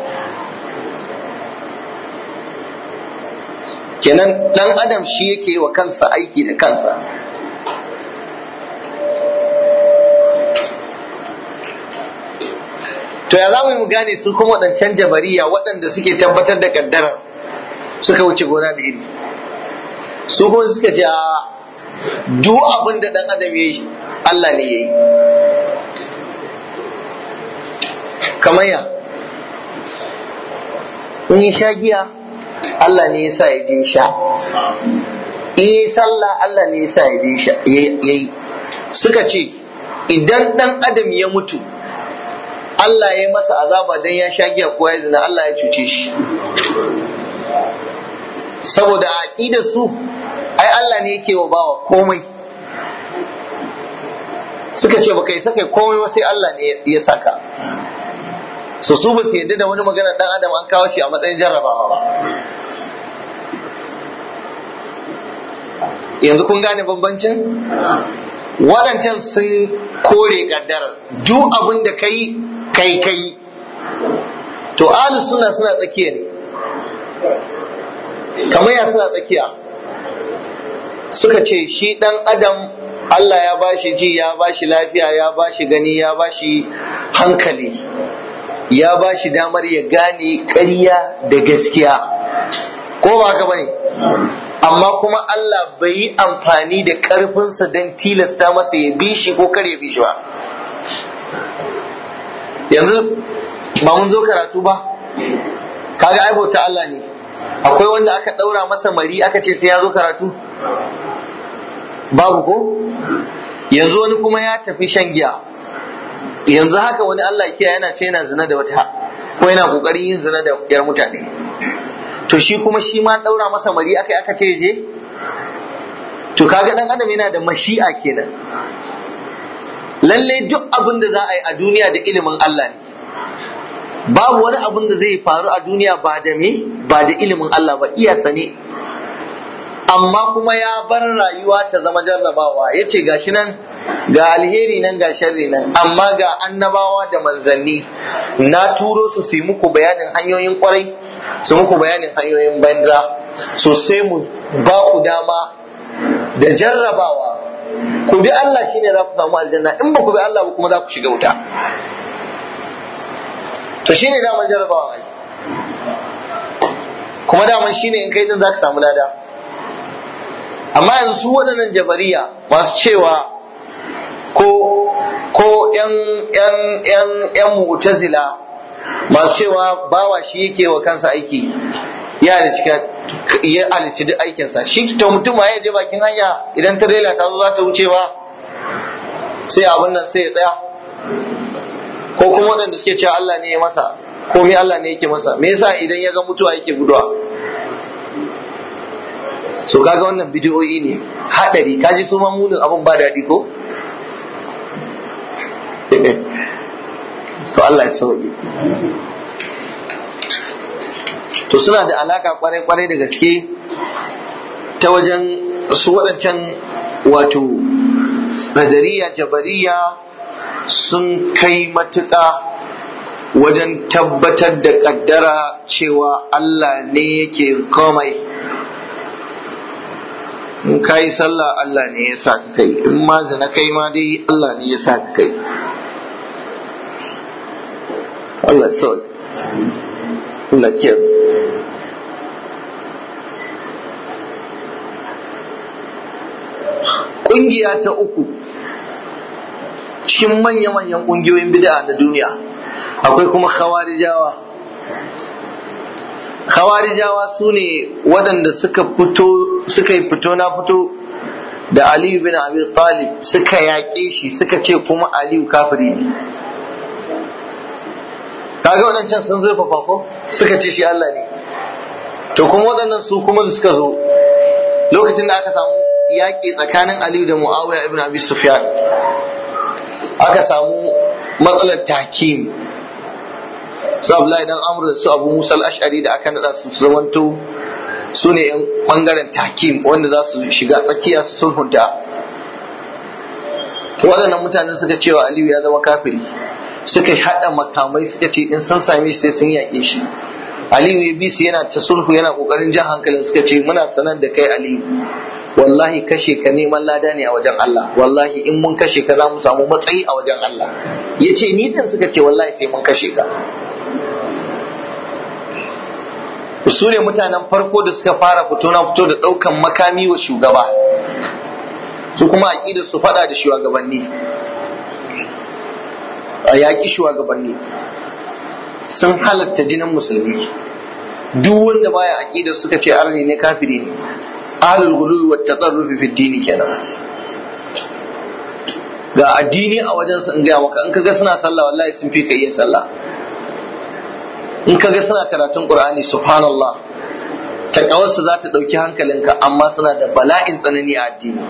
kenan dan adam shi yake wa kansa aiki da kansa to ya zamu mu gane su kuma waɗancan jabariya waɗanda suke tabbatar da kaddara suka wuce gona da iri su kuma suka ce duk abin da ɗan adam ya yi Allah ne ya yi kamar ya in yi shagiya Allah ne ya sa ya je sha eh sallah Allah ne ya sa ya je sha yayi suka ce idan dan adam ya mutu Allah ya masa azaba dan ya sha giya ko ya zina Allah ya cuce shi saboda a aqidar su ai Allah ne yake wa bawa komai suka ce baka yi sakai komai ba sai Allah ne ya saka so su ba su yadda da wani magana dan adam an kawo shi a matsayin jarrabawa ba yanzu kun gane bambancin waɗancan sun kore kaddara duk abin da kai kai kai to alu suna suna tsakiya ne kamar ya suna tsakiya suka ce shi dan adam Allah ya bashi ji ya bashi lafiya ya bashi gani ya bashi hankali ya ba shi damar ya gane ƙarya da gaskiya ko ba haka bane amma kuma Allah bai yi amfani da ƙarfinsa don tilasta masa ya bi shi ko kar ya bi shi ba yanzu ba mun zo karatu ba kaga aibo ta Allah ne akwai wanda aka daura masa mari aka ce sai ya zo karatu babu ko yanzu wani kuma ya tafi shan giya yanzu haka wani Allah kiya yana ce yana zina da wata ko yana kokarin yin zina da yar mutane to shi kuma shi ma daura masa mari akai aka ce je to kaga dan adam yana da mashi'a kenan lalle duk abin da za a yi a duniya da ilimin Allah ne babu wani abin da zai faru a duniya ba da me ba da ilimin Allah ba iya sane amma kuma ya bar rayuwa ta zama jarrabawa yace gashi nan ga alheri nan ga sharri nan amma ga annabawa da manzanni na turo su su muku bayanin hanyoyin kwarai su muku bayanin hanyoyin banza so sai mu ba ku dama da jarrabawa ku bi Allah shine za ku samu aljanna in ba ku bi Allah ba kuma za ku shiga wuta to shine daman jarrabawa ai kuma daman shine in kai din za ka samu lada amma yanzu su waɗannan jabariya masu cewa ko ko yan mutazila masu cewa bawa shi yake wa kansa aiki ya ya alici duk aikinsa shi ta mutum ya je bakin hanya idan tirela ta zo za ta ba sai abin nan sai ya tsaya ko kuma waɗanda suke cewa Allah ne ya masa ko me Allah ne yake masa me yasa idan ya ga mutuwa yake guduwa so kaga wannan bidiyoyi ne hadari kaji su mamunin abin ba daɗi ko to Allah ya sauki. to suna da alaka kwarai-kwarai da gaske ta wajen su waɗancan wato nadariya jabariya sun kai matuƙa wajen tabbatar da ƙaddara cewa Allah ne yake komai in ka yi sallah Allah ne ya sa ka kai in ma zina kai ma dai Allah ne ya sa ka kai Allah sauki Allah ke ƙungiya ta uku shin manya-manyan ƙungiyoyin bid'a da duniya akwai kuma khawarijawa khawarijawa su ne waɗanda suka fito suka yi fito na fito da aliyu bin abin talib suka yaƙe shi suka ce kuma aliyu kafiri ne kaga waɗancan sun zai ko suka ce shi Allah ne to kuma waɗannan su kuma da suka zo lokacin da aka samu yaƙi tsakanin aliyu da muawiya ibn abi sufyan aka samu matsalar takim su Abdullahi dan Amr su Abu Musa al-Ash'ari da aka nada su zamanto su ne yan bangaren takim wanda za su shiga tsakiya su sulhunta waɗannan mutanen suka cewa Aliyu ya zama kafiri suka haɗa makamai suka ce in sun same shi sai sun yaƙe shi Aliyu ya bi su yana ta sulhu yana ƙoƙarin jan hankalin suka ce muna sanar da kai Aliyu wallahi kashe ka neman lada ne a wajen Allah wallahi in mun kashe ka za mu samu matsayi a wajen Allah ya ce ni dan suka ce wallahi sai mun kashe ka su ne mutanen farko da suka fara fito na fito da ɗaukan makami wa shugaba su kuma ƙidar su faɗa da shugabanni a yaƙi shugabanni sun halatta jinin musulmi duk wanda baya aƙidar suka ce arni ne kafiri ne ahlul gulu wa tatarrufi fi dini kenan ga addini a wajen sun gaya maka in kaga suna sallah wallahi sun fi ka iya sallah in ka ga suna karatun qur'ani subhanallah takawarsu za ta ɗauki hankalinka amma suna da bala'in tsanani a addini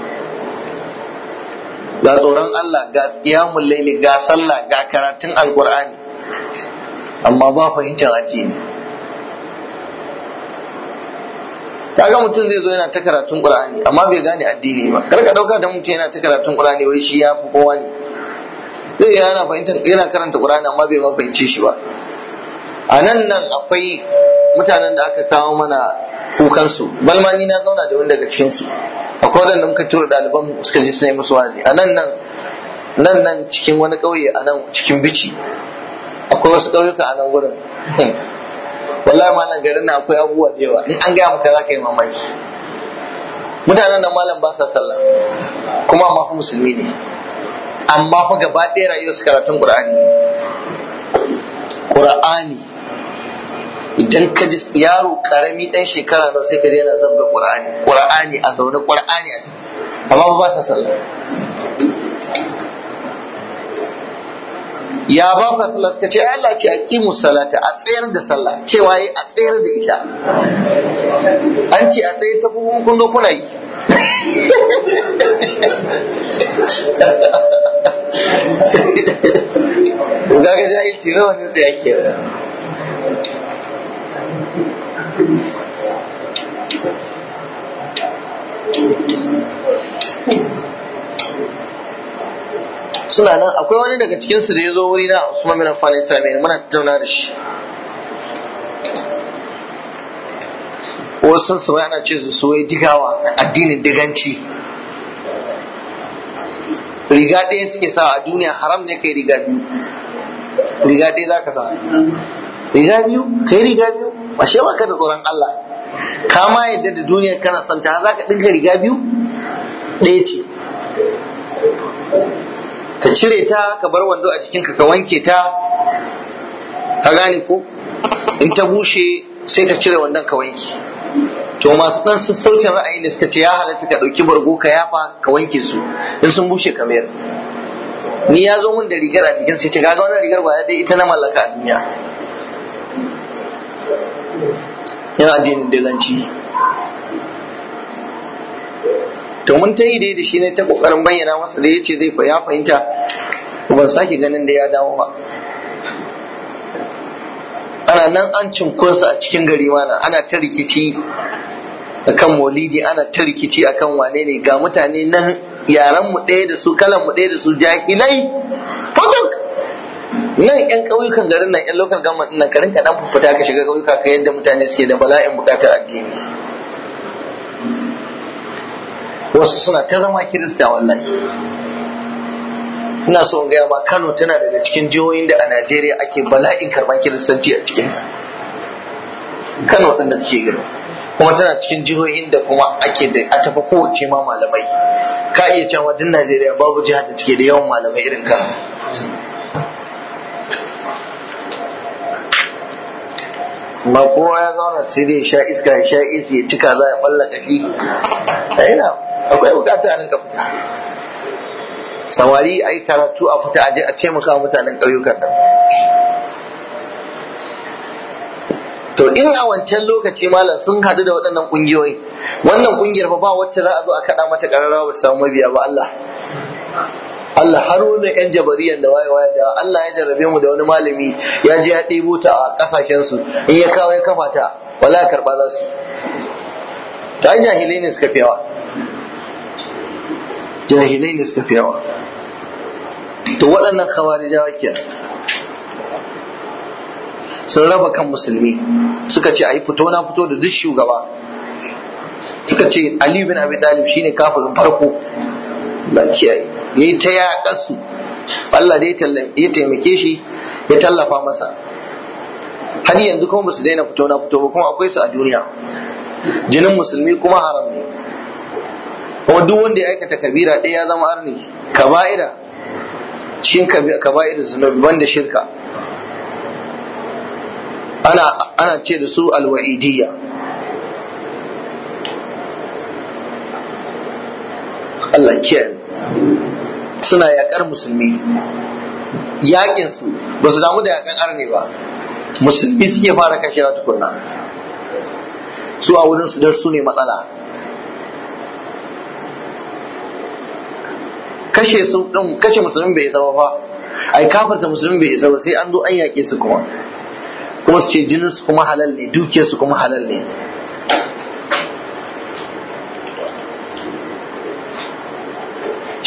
ga tsoron Allah ga tsiyamun laili ga sallah ga karatun alqur'ani amma ba fahimtar addini kaga mutum zai zo yana ta karatun qur'ani amma bai gane addini ba kar ka dauka da mutum yana ta karatun qur'ani wai shi ya fi kowa ne zai yana fahimtar yana karanta qur'ani amma bai ma fahimce shi ba a nan nan akwai mutanen da aka kawo mana kukansu balma ni na zauna da wani daga cikinsu akwai waɗanda muka tura ɗaliban suka je suna musu wa'azi a nan nan nan nan cikin wani ƙauye a nan cikin bici akwai wasu ƙauyuka a nan gurin hmm. wallahi nan garin na akwai abubuwa da yawa in an gaya maka za ka yi mamaki mutanen nan malam ba sa sallah kuma amma fa musulmi ne amma fa gaba ɗaya rayuwar su karatun ƙur'ani ƙur'ani idan ka ji yaro karami dan shekara na sai ka daina zabga qur'ani qur'ani a zaune qur'ani a amma ba sa sallah ya ba ka sallah ka ce Allah ki aqimu salata a tsayar da sallah cewa yi a tsayar da ita an ce a tsayar ta kuma kun kuna yi ga ga jahilci rawanin da yake suna nan akwai wani daga cikinsu da ya zo wuri na Usman bin Affan ya same mana tattauna da shi wasu su ana ce su yi digawa addinin diganci riga ɗaya suke sa a duniya haram ne kai riga biyu riga ɗaya za ka sa riga biyu kai riga biyu ashe ba ka da tsoron Allah ka ma yadda da duniya kana santa ta za ka dinga riga biyu ɗaya ce ka cire ta ka bar wando a jikinka ka wanke ta ka gane ko in ta bushe sai ka cire wandon ka wanke to masu dan sassaucin ra'ayi ne suka ce ya halatta ka ɗauki bargo ka yafa ka wanke su in sun bushe ka mayar ni ya zo min da rigar a jikin sai ta gaga wannan rigar ba ya dai ita na mallaka a duniya yana addinin da zanci to mun ta yi dai da shi ne ta kokarin bayyana masa da ya ce zai ya fahimta ban sake ganin da ya dawo ba ana nan an cinkunsa a cikin gari mana ana ta rikici akan maulidi ana ta rikici akan wane ne ga mutane nan yaran mu ɗaya da su kalan mu ɗaya da su jahilai nan yan ƙauyukan garin nan yan local government nan karin ka dan fufuta ka shiga ƙauyuka ka yadda mutane suke da bala'in buƙatar addini wasu suna ta zama kirista wallahi ina so in gaya ma Kano tana daga cikin jihohin da a Najeriya ake bala'in karban kiristanci a cikin Kano din da take kuma tana cikin jihohin da kuma ake da a tafi kowace ma malamai ka iya cewa duk Najeriya babu jihar da take da yawan malamai irin Kano ba kowa ya zauna sai zai sha iska ya sha iska ya cika za ya balla kashi a yana akwai bukata a rinka fita samari a yi karatu a fita aje a taimaka mutanen ƙauyukan nan to in a wancan lokaci malam sun haɗu da waɗannan ƙungiyoyi wannan ƙungiyar fa ba wacce za a zo a kaɗa mata ƙararrawa ba ta samu mabiya ba Allah Allah har wani ƴan jabariyan da waye waye da Allah ya jarrabe mu da wani malami ya je ya ɗebo ta a kasashen su in ya kawo ya kafa ta wallahi karba za su ta jahilai ne suka fiyawa, jahilai ne suka fiyawa. to waɗannan khawarijawa ke. sun raba kan musulmi suka ce a yi fito na fito da duk shugaba suka ce Ali bin Abi Talib shine kafirin farko la kiyaye ta ya su Allah dai ya taimake shi ya tallafa masa har yanzu kuma ba su daina fito na fito ba kuma akwai su a duniya jinin musulmi kuma haram ne kuma duk wanda ya aikata kabira ɗaya ya zama arni kaba'ira shin kaba'ira zunubi da shirka ana ce da su alwa'idiyya Allah kiyaye suna yakar musulmi yakin su ba su damu da yakan arne ba musulmi suke fara kashe kashewa tukunna su a wurin su dan su ne matsala kashe su din kashe musulmin bai zama ba ai kafarta musulmin bai isa ba sai an zo an yaƙe su kuma kuma su ce jinin su kuma halal ne dukiyar su kuma halal ne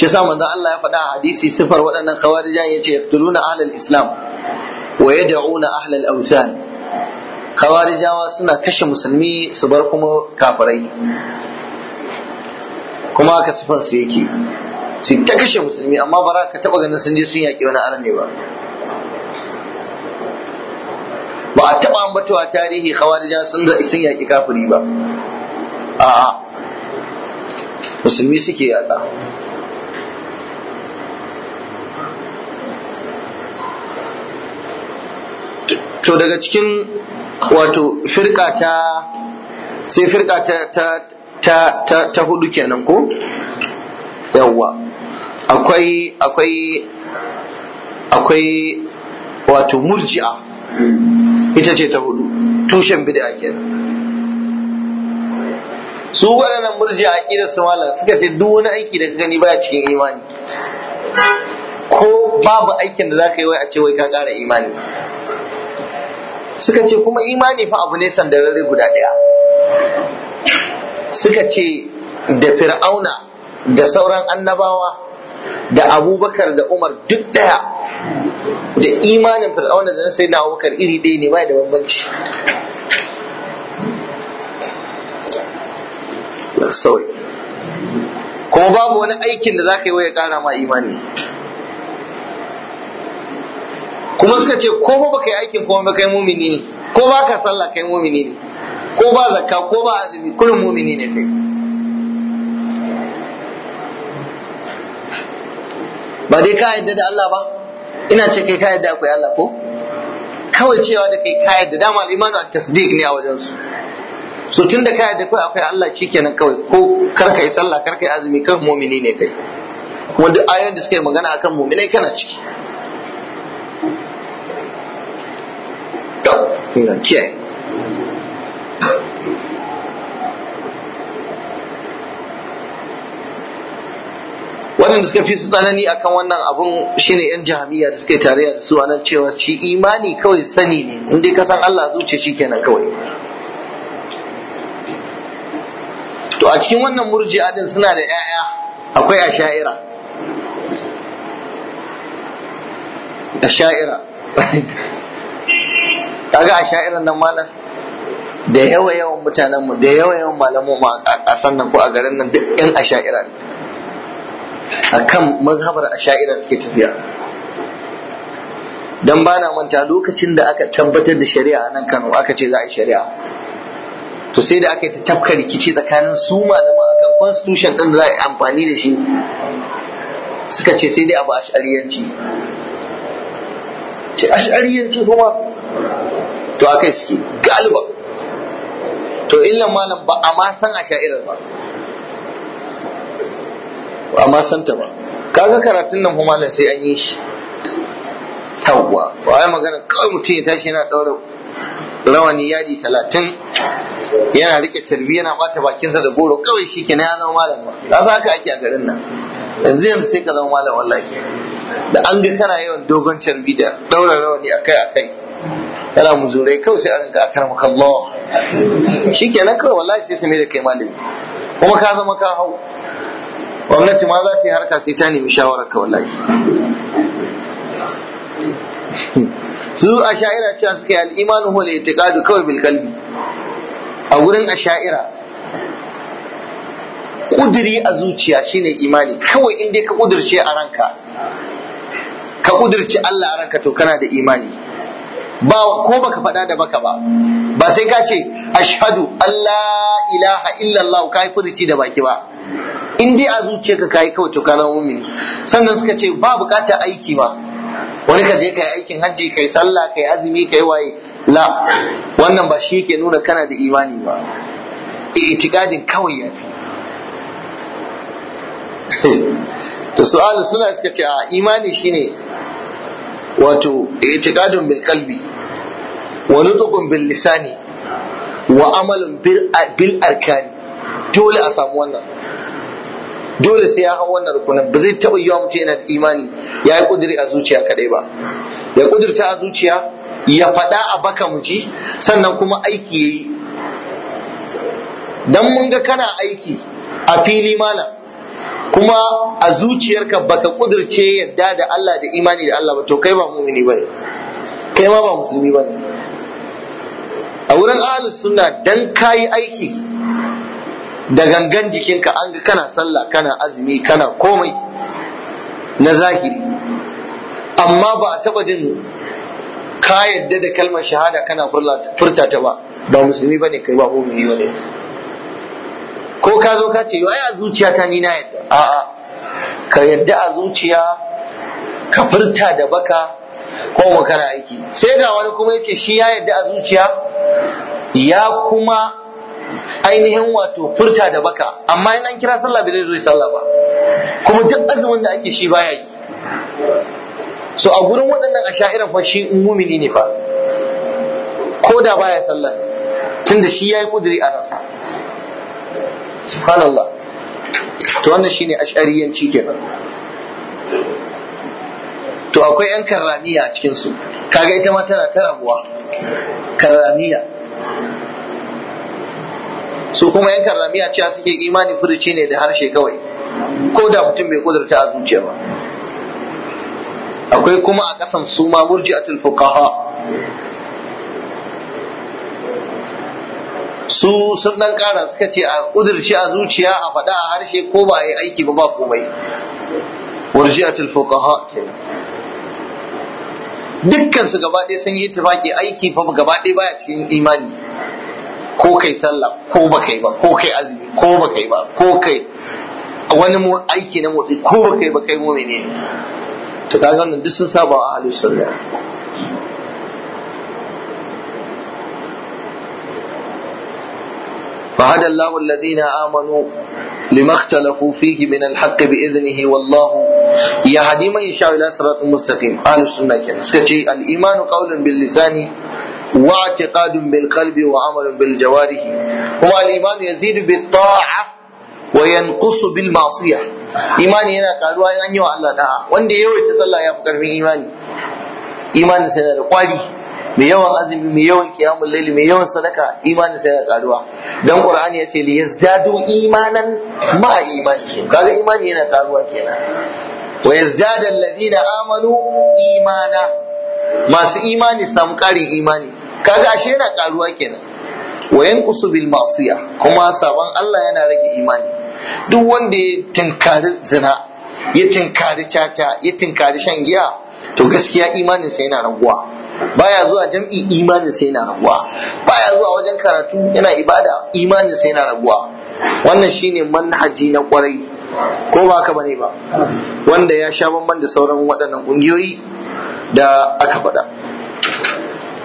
shi yasa manzon Allah ya faɗa a hadisi sifar waɗannan khawarijan yace yaqtuluna ahlal islam wa yad'una ahlal awtan khawarijawa suna kashe musulmi su bar kuma kafirai kuma haka sifan su yake su ta kashe musulmi amma ba za ka taɓa ganin sun je sun yaƙi wani arne ba ba a taba ambatowa tarihi khawarija sun sun yaƙi kafiri ba a'a musulmi suke yaƙa to daga cikin wato firka ta sai firka ta ta ta ta, ta hudu kenan ko yawwa akwai akwai akwai wato murji'a ita ce ta hudu tushen bid'a kenan su waɗannan murji a ƙirar sumala suka ce duk wani aiki da gani baya cikin imani ko babu aikin da za ka yi wai a ce wai ka ƙara imani suka ce kuma imani fa abu ne sandararre guda ɗaya suka ce da fir'auna da sauran annabawa da abubakar da umar duk ɗaya da imanin fir'auna da sai na abubakar iri ɗaya ne bai da bambanci kuma babu wani aikin da za ka yi waya ƙara ma imani kuma suka ce ko ba kai yi aikin ko ba kai mumini ne ko ba ka sallah kai mumini ne ko ba zakka ko ba azumi kullum mumini ne kai ba dai ka yadda da Allah ba ina ce kai ka yadda akwai Allah ko kawai cewa da kai ka yadda dama al-imanu at-tasdiq ne a wajen su so tunda ka yadda kai akwai Allah shikenan kawai ko kar kai sallah kar kai azumi kan mu'mini ne kai wanda ayoyin da suka yi magana akan mumini kana ciki kyau suka fi su tsanani akan wannan abun ne yan jami'a da suka yi tarayya da su anan cewa shi imani kawai sani ne inda kasan ka san Allah zuce shi kenan kawai to a cikin wannan murji'a din suna da 'ya'ya akwai a sha'ira kaga asha'irin nan malam da yawa yawan mutanen mu da yawa yawan malamu ma a sannan nan ko a garin nan duk yan asha'ira ne akan mazhabar asha'ira suke tafiya dan bana manta lokacin da aka tabbatar da shari'a a nan Kano aka ce za a yi shari'a to sai da aka yi ta tafka rikici tsakanin su malaman akan constitution din da za a yi amfani da shi suka ce sai dai a ba ash'ariyanci ce ash'ariyanci kuma to akai suke galiba to illan malam ba a ma san a sha'irar ba ba a ma san ta ba kaga karatun nan kuma malam sai an yi shi tawwa ba ai magana kawai mutum ya tashi yana ɗaura rawani yadi talatin yana rike carbi yana bata bakinsa da goro kawai shi kenan ya zama malam ba za haka ake a garin nan yanzu yanzu sai ka zama malam wallahi da an ga kana yawan dogon carbi da daura rawani akai akai Yana muzurai kawai sai a kar maka Allah shikenan kawai wallahi sai sai da kai malami kuma ka zama ka hau gwamnati ma za ta yi harka sai ta nemi shawarar ka wallahi su asha'ira cewa suka yi al'imanu hu al-i'tiqadu kawai bil qalbi a gurin asha'ira kudiri a zuciya shine imani kawai in dai ka kudirce a ranka ka kudirce Allah a ranka to kana da imani ba ko baka faɗa da baka ba ba sai ka ce ashhadu Allah ilaha illallah kai furuci da baki ba in dai a zuciyarka kai kawai to kana mu'min sannan suka ce ba bukatar aiki ba wani ka je kai aikin hajji kai sallah kai azumi kai waye la wannan ba shi ke nuna kana da imani ba itikadin kawai ya to su'alu suna suka ce a imani shine wato i'tiqadun bil qalbi wa nutqun bil lisani wa amalun bil arkani dole a samu wannan dole sai ya hau wannan rukunin ba zai taɓa yawa mutum yana da imani ya yi ƙudiri a zuciya kaɗai ba ya ƙudurta a zuciya ya faɗa a baka muji sannan kuma aiki ya yi don mun ga kana aiki a fili malam kuma a zuciyarka baka kudirce yadda da Allah da imani da Allah ba to kai ba mu'mini ne? kai ma ba musulmi ne. a wurin ahli sunna dan kayi aiki da gangan jikinka an ga kana sallah kana azumi kana komai na zahiri amma ba a taba jin ka yadda da kalmar shahada kana furta ta ba ba musulmi bane kai ba mu'mini bane ko ka zo ka ce yau a zuciya ta ni na yadda a'a ka yadda a zuciya ka furta da baka ko kana aiki sai ga wani kuma yace shi ya yadda a zuciya ya kuma ainihin wato furta da baka amma in an kira sallah bai zo sallah ba kuma duk azumin da ake shi baya yi so a gurin waɗannan asha'iran fa shi mumini ne fa ko da baya sallah tunda shi yayi kudiri a ransa subhanallah to wannan shine ash'ariyanci kenan to akwai yan karramiya a cikin su kaga ita ma tana ta rabuwa karramiya su kuma yan karramiya cewa suke imani furuci ne da harshe kawai ko da mutum bai kudurta a zuciya ba akwai kuma a kasan su ma murji'atul fuqaha su sun dan kara suka ce a kudirce a zuciya a faɗa a harshe ko ba a yi aiki ba ba komai warji'atul fuqaha dukkan su gaba ɗaya sun yi tufaki aiki fa gaba ɗaya baya cikin imani ko kai sallah ko ba kai ba ko kai azumi ko ba kai ba ko kai wani mu aiki na motsi ko ba kai ba kai ne to kaga nan duk sun saba a ahlus sunna فهدى الله الذين آمنوا لما اختلفوا فيه من الحق بإذنه والله يهدي من يشاء إلى صراط مستقيم أهل السنة كنا الإيمان قول باللسان واعتقاد بالقلب وعمل بالجوارح هو الإيمان يزيد بالطاعة وينقص بالمعصية إيمان هنا قالوا أن يوعى الله تعالى وأن يوعى الله يفكر في إيمان إيمان سنة قوي mai yawan azumi mai yawan kiyamun laili mai yawan sadaka imanin sai ya karuwa dan qur'ani yace li yazdadu imanan ma imani kaga imani yana karuwa kenan wa yazdada alladhina amanu imana masu imani samu karin imani kaga ashe yana karuwa kenan wa yanqusu bil ma'siyah kuma sabon Allah yana rage imani duk wanda ya tinkari zina ya tinkari caca ya tinkari shan giya to gaskiya imanin imaninsa yana raguwa baya zuwa jam'i imanin sai yana raguwa baya zuwa wajen karatu yana ibada imanin sai yana raguwa wannan shine manhaji na kwarai ko ba haka bane ba wanda ya sha bamban da sauran waɗannan ƙungiyoyi da aka faɗa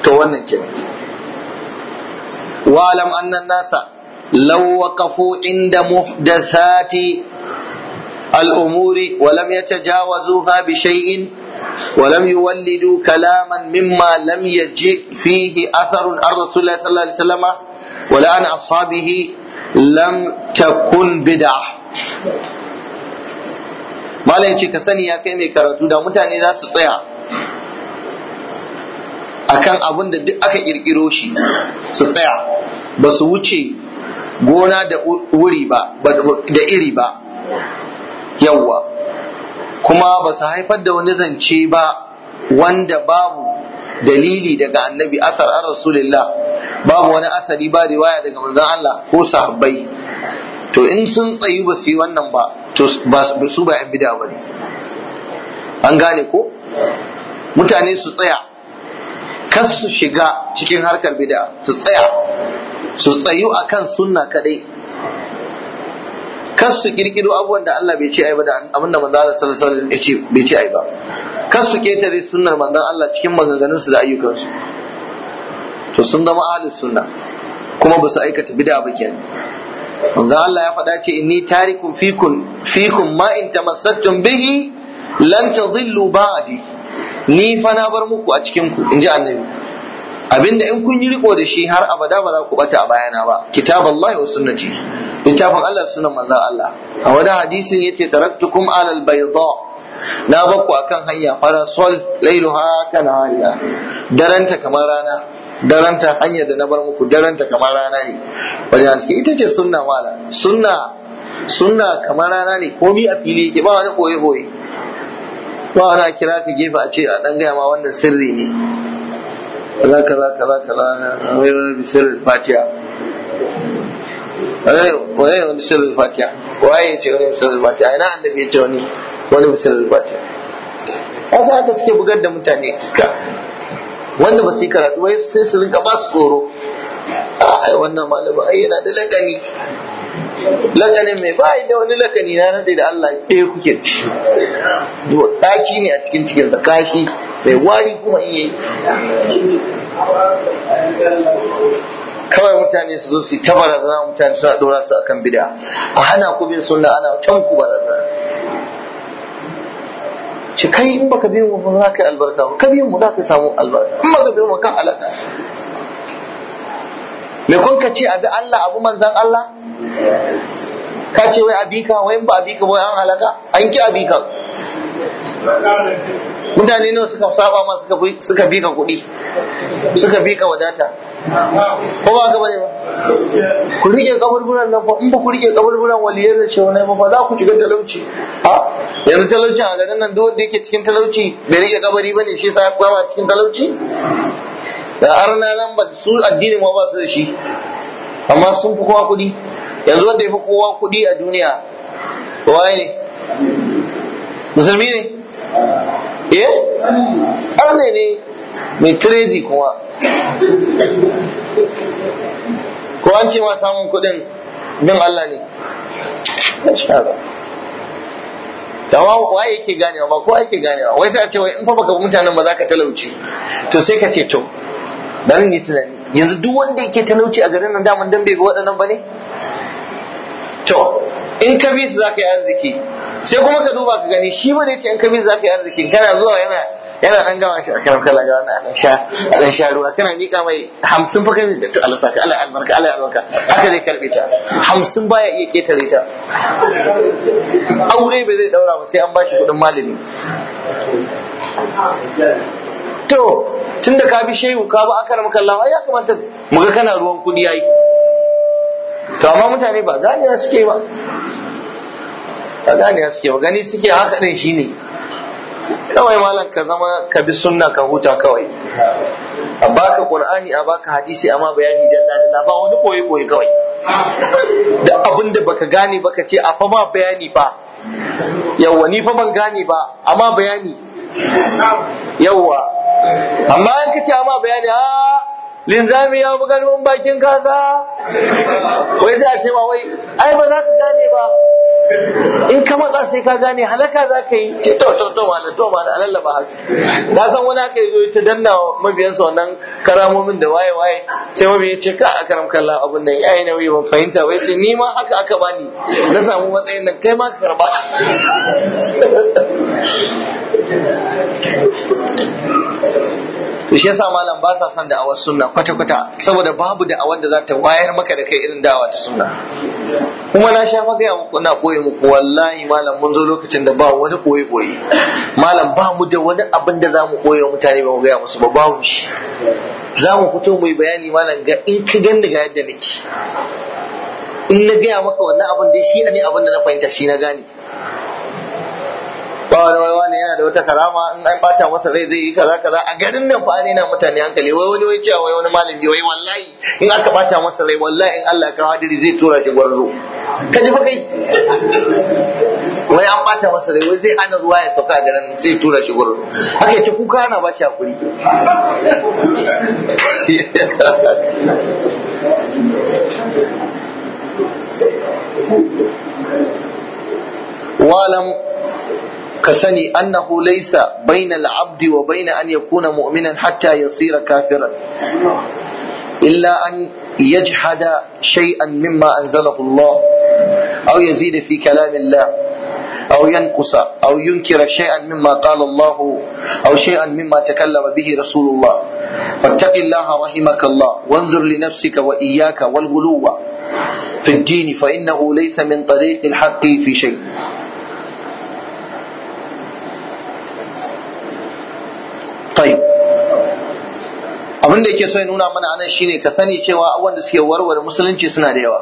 to wannan kenan wa annan nasa law waqafu inda muhdathati al-umuri wa lam yatajawazuha bi shay'in ولم يولدوا كلاما مما لم يجئ فيه أثر عن رسول الله صلى الله عليه وسلم ولا عن أصحابه لم تكن malam ce ka sani ya kai mai karatu da mutane za su tsaya akan abun da duk aka ƙirƙiro shi su tsaya ba su wuce gona da wuri ba da iri ba yawwa kuma ba su haifar da wani zance ba wanda babu dalili daga annabi asar an rasulillah babu wani asari ba riwaya daga manzon Allah ko sahabbai to in sun tsayu ba su yi wannan ba to su ba yan bida bane an gane ko mutane su tsaya kas su shiga cikin harkar bida su tsaya su tsayu akan sunna kadai kas su kirkiro abubuwan da Allah bai ce ai ba da abin da manzo Allah sallallahu alaihi wasallam bai ce ai ba kas su ketare sunnar manzon Allah cikin maganganun su da ayyukan su to sun zama ahlus sunna kuma ba su aikata bid'a ba kenan manzo Allah ya faɗa ce inni tarikum fikum fikum ma in tamassatum bihi lan tadhillu ba'di ni fa na bar muku a cikin ku inji annabi abinda in kun yi riko da shi har abada ba za ku bata a bayana ba kitaballahi wa sunnati littafin Allah da sunan manzon Allah a wani hadisin yace taraktukum alal bayda na bakku akan hanya fara sol lailuha kana hanya daranta kamar rana daranta hanya da na bar muku daranta kamar rana ne wajen haske ita ce sunna mala sunna sunna kamar rana ne komi a fili yake ba wani boye boye ba wani kira ka gefe a ce a dan gaya ma wannan sirri ne kaza kaza kaza kaza na wai bisir fatiha wai wani bisir fatiha waye ya ce wani bisir fatiha ina annabi ya ce wani wani bisir fatiha wasu haka suke bugar da mutane cika wanda ba su yi karatu wai sai su rinka ba su tsoro a yana da lakani lakanin mai ba da wani lakani na nan da Allah ɗaya eh kuke da shi ɗaki ne a cikin cikin zakashi mai wari kuma in yi kawai mutane su zo su ta barazana mutane suna dora su akan bida a hana ku bin sunna ana can ku barazana ci kai in baka bi mu za ka yi albarka ka bi mu za ka samu albarka in baka bi mu ka alaka me kun ka ce abi Allah abu manzan Allah ka ce wai abika wai ba abika wai an halaka an ki abika mutane nawa suka saba ma suka bi kuɗi suka bika wadata ko ba ka bane ba ku rike kaburburan nan in ba ku rike kaburburan waliyar da ce wani ba fa za ku shiga talauci a yanzu talauci a garin nan duk wanda yake cikin talauci bai rike kabari bane shi sa ba cikin talauci da arna nan ba su addinin ma ba su da shi amma sun fi kowa kuɗi yanzu wanda ya fi kowa kuɗi a duniya waye ne musulmi ne eh arne ne mai crazy kuma ko an ce ma samun kuɗin bin Allah ne dama waye yake ganewa ba kowa yake ganewa wai sai a ce wai in fa baka mutanen ba za ka talauci to sai ka ce to dan ni tunani yanzu duk wanda yake talauci a garin nan daman dan bai ga waɗannan ba ne to in ka bi su za ka yi arziki sai kuma ka duba ka gani shi ba zai ce in ka bi su za ka yi arziki kana zuwa yana yana dan gawa shi a kan kala ga wannan adan sha adan sha ruwa kana mika mai hamsin fa kai da Allah saka Allah albarka Allah albarka haka zai karbe ta hamsin baya iya ketare ta aure bai zai daura ba sai an bashi kudin malami to tunda ka bi shehu ka bi akara maka Allah ai ya kamata mu ga kana ruwan kudi yayi to amma mutane ba ganewa suke ba ba ganewa suke ba gani suke haka din shine kawai malam ka zama ka bi sunna ka huta kawai a baka qur'ani a baka hadisi amma bayani dalla dalla ba wani koyi koyi kawai da abin da baka gane baka ce a fa ma bayani ba yawa ni fa ban gane ba amma bayani yawwa amma in kace amma bayani ha ah, linzami ya buga mun bakin kaza wai sai a ce ma wai ai ba za ka gane ba in ka matsa sai ka gane halaka za ka yi ce to to to malam to alalla ba haka na san wani aka yi zo ta danna mabiyansa wannan karamomin da waye waye sai mabiyan ce ka a karam kalla abun nan yayi nauyi ban fahimta wai ce ni ma haka aka bani na samu matsayin nan kai ma ka karba to shi yasa malam ba sa son awar sunna kwata kwata saboda babu da awar da za ta wayar maka da kai irin dawa ta sunna kuma na sha maka ya muku na koyi kore muku wallahi malam mun zo lokacin da ba wani koyi koyi malam ba mu da wani abin da zamu koya mutane ba mu gaya musu ba babu shi za mu fito mu yi bayani malam ga in ka ganni ga yadda nake in na gaya maka wannan abin da shi ne abin da na fahimta shi na gane ba wani wani wani yana da wata karama in an bata masa rai zai yi kaza kaza a garin nan fa ne na mutane hankali wai wani wai cewa wai wani malami wai wallahi in aka bata masa rai wallahi in Allah ka hadiri zai tura shi gwarzo ka ji fa kai wai an bata masa rai wai zai ana ruwa ya sauka a garin sai tura shi gwarzo haka ita kuka na ba shi hakuri walam ka sani annahu laisa bayna al-abdi wa baina an yakuna mu'minan hatta yasira kafiran illa an yajhada shay'an mimma anzalahu Allah aw yazid fi kalam Allah aw yanqusa aw yunkira shay'an mimma qala Allah aw shay'an mimma takallama bihi Rasulullah fattaqillaha rahimakallah wanzur li nafsika wa iyyaka wal ghuluwa fi ad fa innahu laysa min tariqil haqqi fi shay' tayyib abin da yake so ya nuna mana anan shine ka sani cewa abubuwan da suke warware musulunci suna da yawa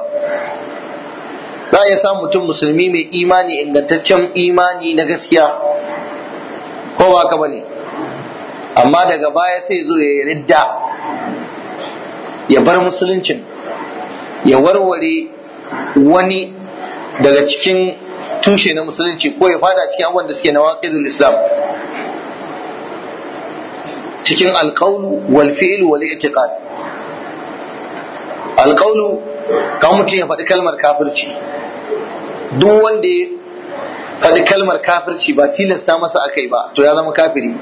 za a iya samun mutum musulmi mai imani ingantaccen imani na gaskiya ko ba ka bane amma daga baya sai zo ya ridda ya bar musuluncin ya warware wani daga cikin tushe na musulunci ko ya fada cikin abubuwan da suke na waƙidul islam cikin alƙaunu wal wal i'tiqad alƙaunu kan mutum ya faɗi kalmar kafirci duk wanda ya faɗi kalmar kafirci ba tilasta masa akai ba to ya zama kafiri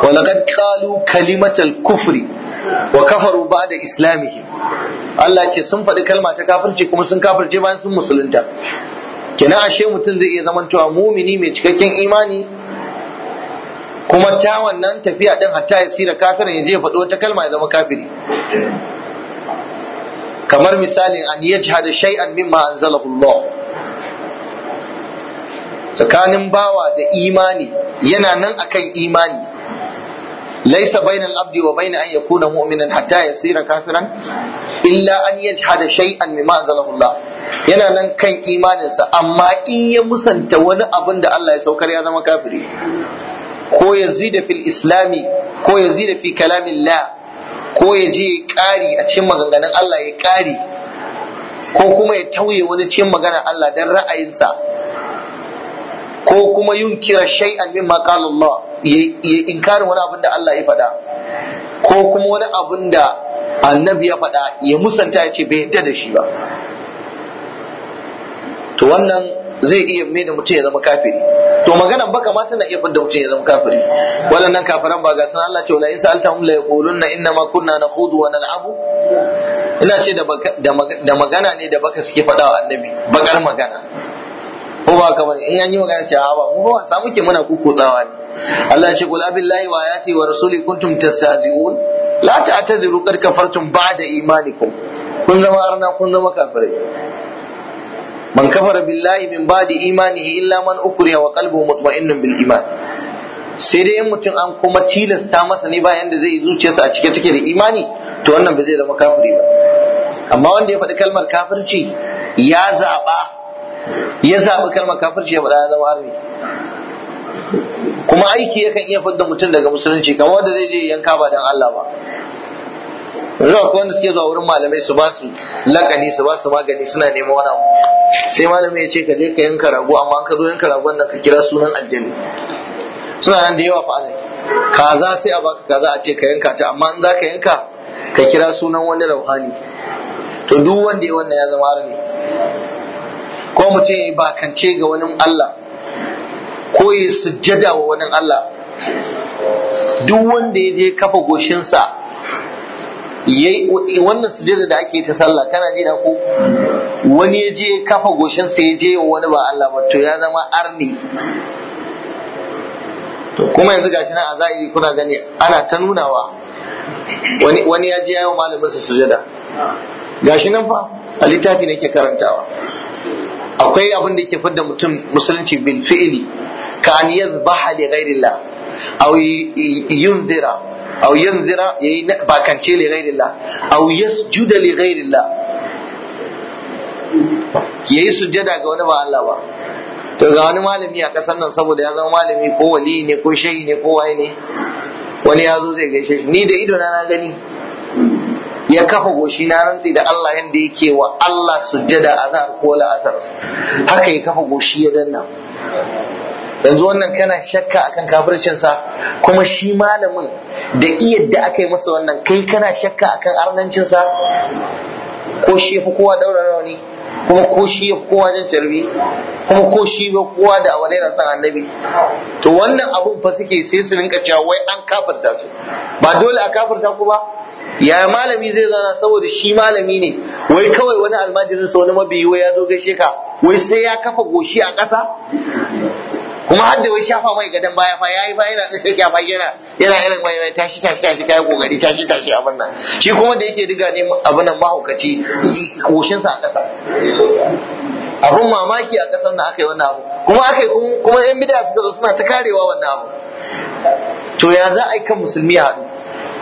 qalu kalimatal Kufri wa kafaru ba'da إسلامهم Allah ce sun faɗi kalma ta kafirci kuma sun kafirce bayan sun musulunta kina ashe mutum zai iya zamantawa cewa mumini mai cikakken imani kuma ta wannan tafiya din hatta ya sira kafirin ya je ya faɗo wata kalma ya zama kafiri kamar misalin an yajhada shay'an mimma anzalahu Allah tsakanin bawa da imani yana nan akan imani laisa bainal abdi wa bain an yakuna mu'minan hatta sira kafiran illa an yajhada shay'an mimma anzalahu Allah yana nan kan imaninsa amma in ya musanta wani abin da Allah ya saukar ya zama kafiri ko ya zida fil islami ko ya zida fi kalamin la ko ya je ya ƙari a cikin maganganun Allah ya ƙari ko kuma ya tauye wani cikin maganar Allah don ra'ayinsa ko kuma yin kira shay'an min maqalallah ya inkari wani abin da Allah ya faɗa ko kuma wani abin da annabi ya faɗa ya musanta ya ce bai yadda da shi ba to wannan zai iya mai da mutum ya zama kafiri to maganan ba kama tana iya fadda mutum ya zama kafiri waɗannan kafiran ba ga sun Allah ce wala in hum la yaqulunna inna ma kunna nakhudu wa nal'abu ina ce da magana ne da baka suke faɗa wa annabi bakar magana ko ba ka in an yi magana ce a ba mu ba sa muke muna tsawa ne Allah shi kula billahi wa ayati wa rasuli kuntum tastazi'un la ta'tadiru qad kafartum ba'da imanikum kun zama arna kun zama kafirai man kafara billahi min ba'di imanihi illa man ukriya wa qalbuhu mutma'innun bil iman sai dai mutum an kuma tilasta masa ne bayan da zai zuciyarsa a cike take da imani to wannan ba zai zama kafiri ba amma wanda ya faɗi kalmar kafirci ya zaɓa ya zaɓi kalmar kafirci ya faɗa zama harbi kuma aiki yakan iya fadda mutum daga musulunci kamar wanda zai je yanka ba dan Allah ba zuwa ko wanda suke zuwa wurin malamai su ba su lakani su ba su magani suna neman wani abu sai malamai ya ce ka je ka yanka rago amma an ka zo yanka ragon nan ka kira sunan aljanu suna nan da yawa fa ne kaza sai a baka kaza a ce ka yanka ta amma in za ka yanka ka kira sunan wani rauhani to duk wanda ya wannan ya zama ne ko mutum ya bakance ga wani Allah ko ya sujjada wa wani Allah duk wanda ya je kafa goshinsa yayi wannan sujada da ake ta sallah kana ji na ko wani ya je kafa goshin sa ya je wani ba Allah ba to ya zama arni to kuma yanzu gashi nan a zahiri kuna gani ana ta nunawa wani wani ya je malamin sa sujada gashi nan fa a littafi nake karantawa akwai abin da yake fidda mutum musulunci bil fi'li ka an yadhbaha li ghairillah aw yunzira aw yanzira yayi bakance li ghairillah aw yasjuda li ghairillah yayi sujjada ga wani ba Allah ba to ga wani malami a ƙasar nan saboda ya zama malami ko wali ne ko shehi ne ko waye ne wani ya zo zai gaishe ni da ido na gani ya kafa goshi na rantsi da Allah yanda yake wa Allah sujjada azhar ko asar haka ya kafa goshi ya danna yanzu wannan kana shakka akan kafircinsa kuma shi malamin da da aka yi masa wannan kai kana shakka akan arnancinsa ko shi fi kowa daura rauni kuma ko shi ya fi kowa jin tarbi kuma ko shi ya kowa da awa na san annabi to wannan abun fa suke sai su rinka cewa wai an kafirta su ba dole a kafirta ku ba ya malami zai zana saboda shi malami ne wai kawai wani almajirin sa wani mabiyi wai ya zo gaishe ka wai sai ya kafa goshi a ƙasa kuma har da wai shafa mai gadan baya fa yayi fa yana tsaka ya fa yana yana irin mai tashi tashi tashi kai kokari tashi tashi abin nan shi kuma da yake diga ne abin nan mahaukaci koshin sa a ƙasa abun mamaki a ƙasar nan aka yi wannan abu kuma aka yi kuma yan bid'a suka zo suna ta karewa wannan abu to ya za a yi kan musulmi a haɗu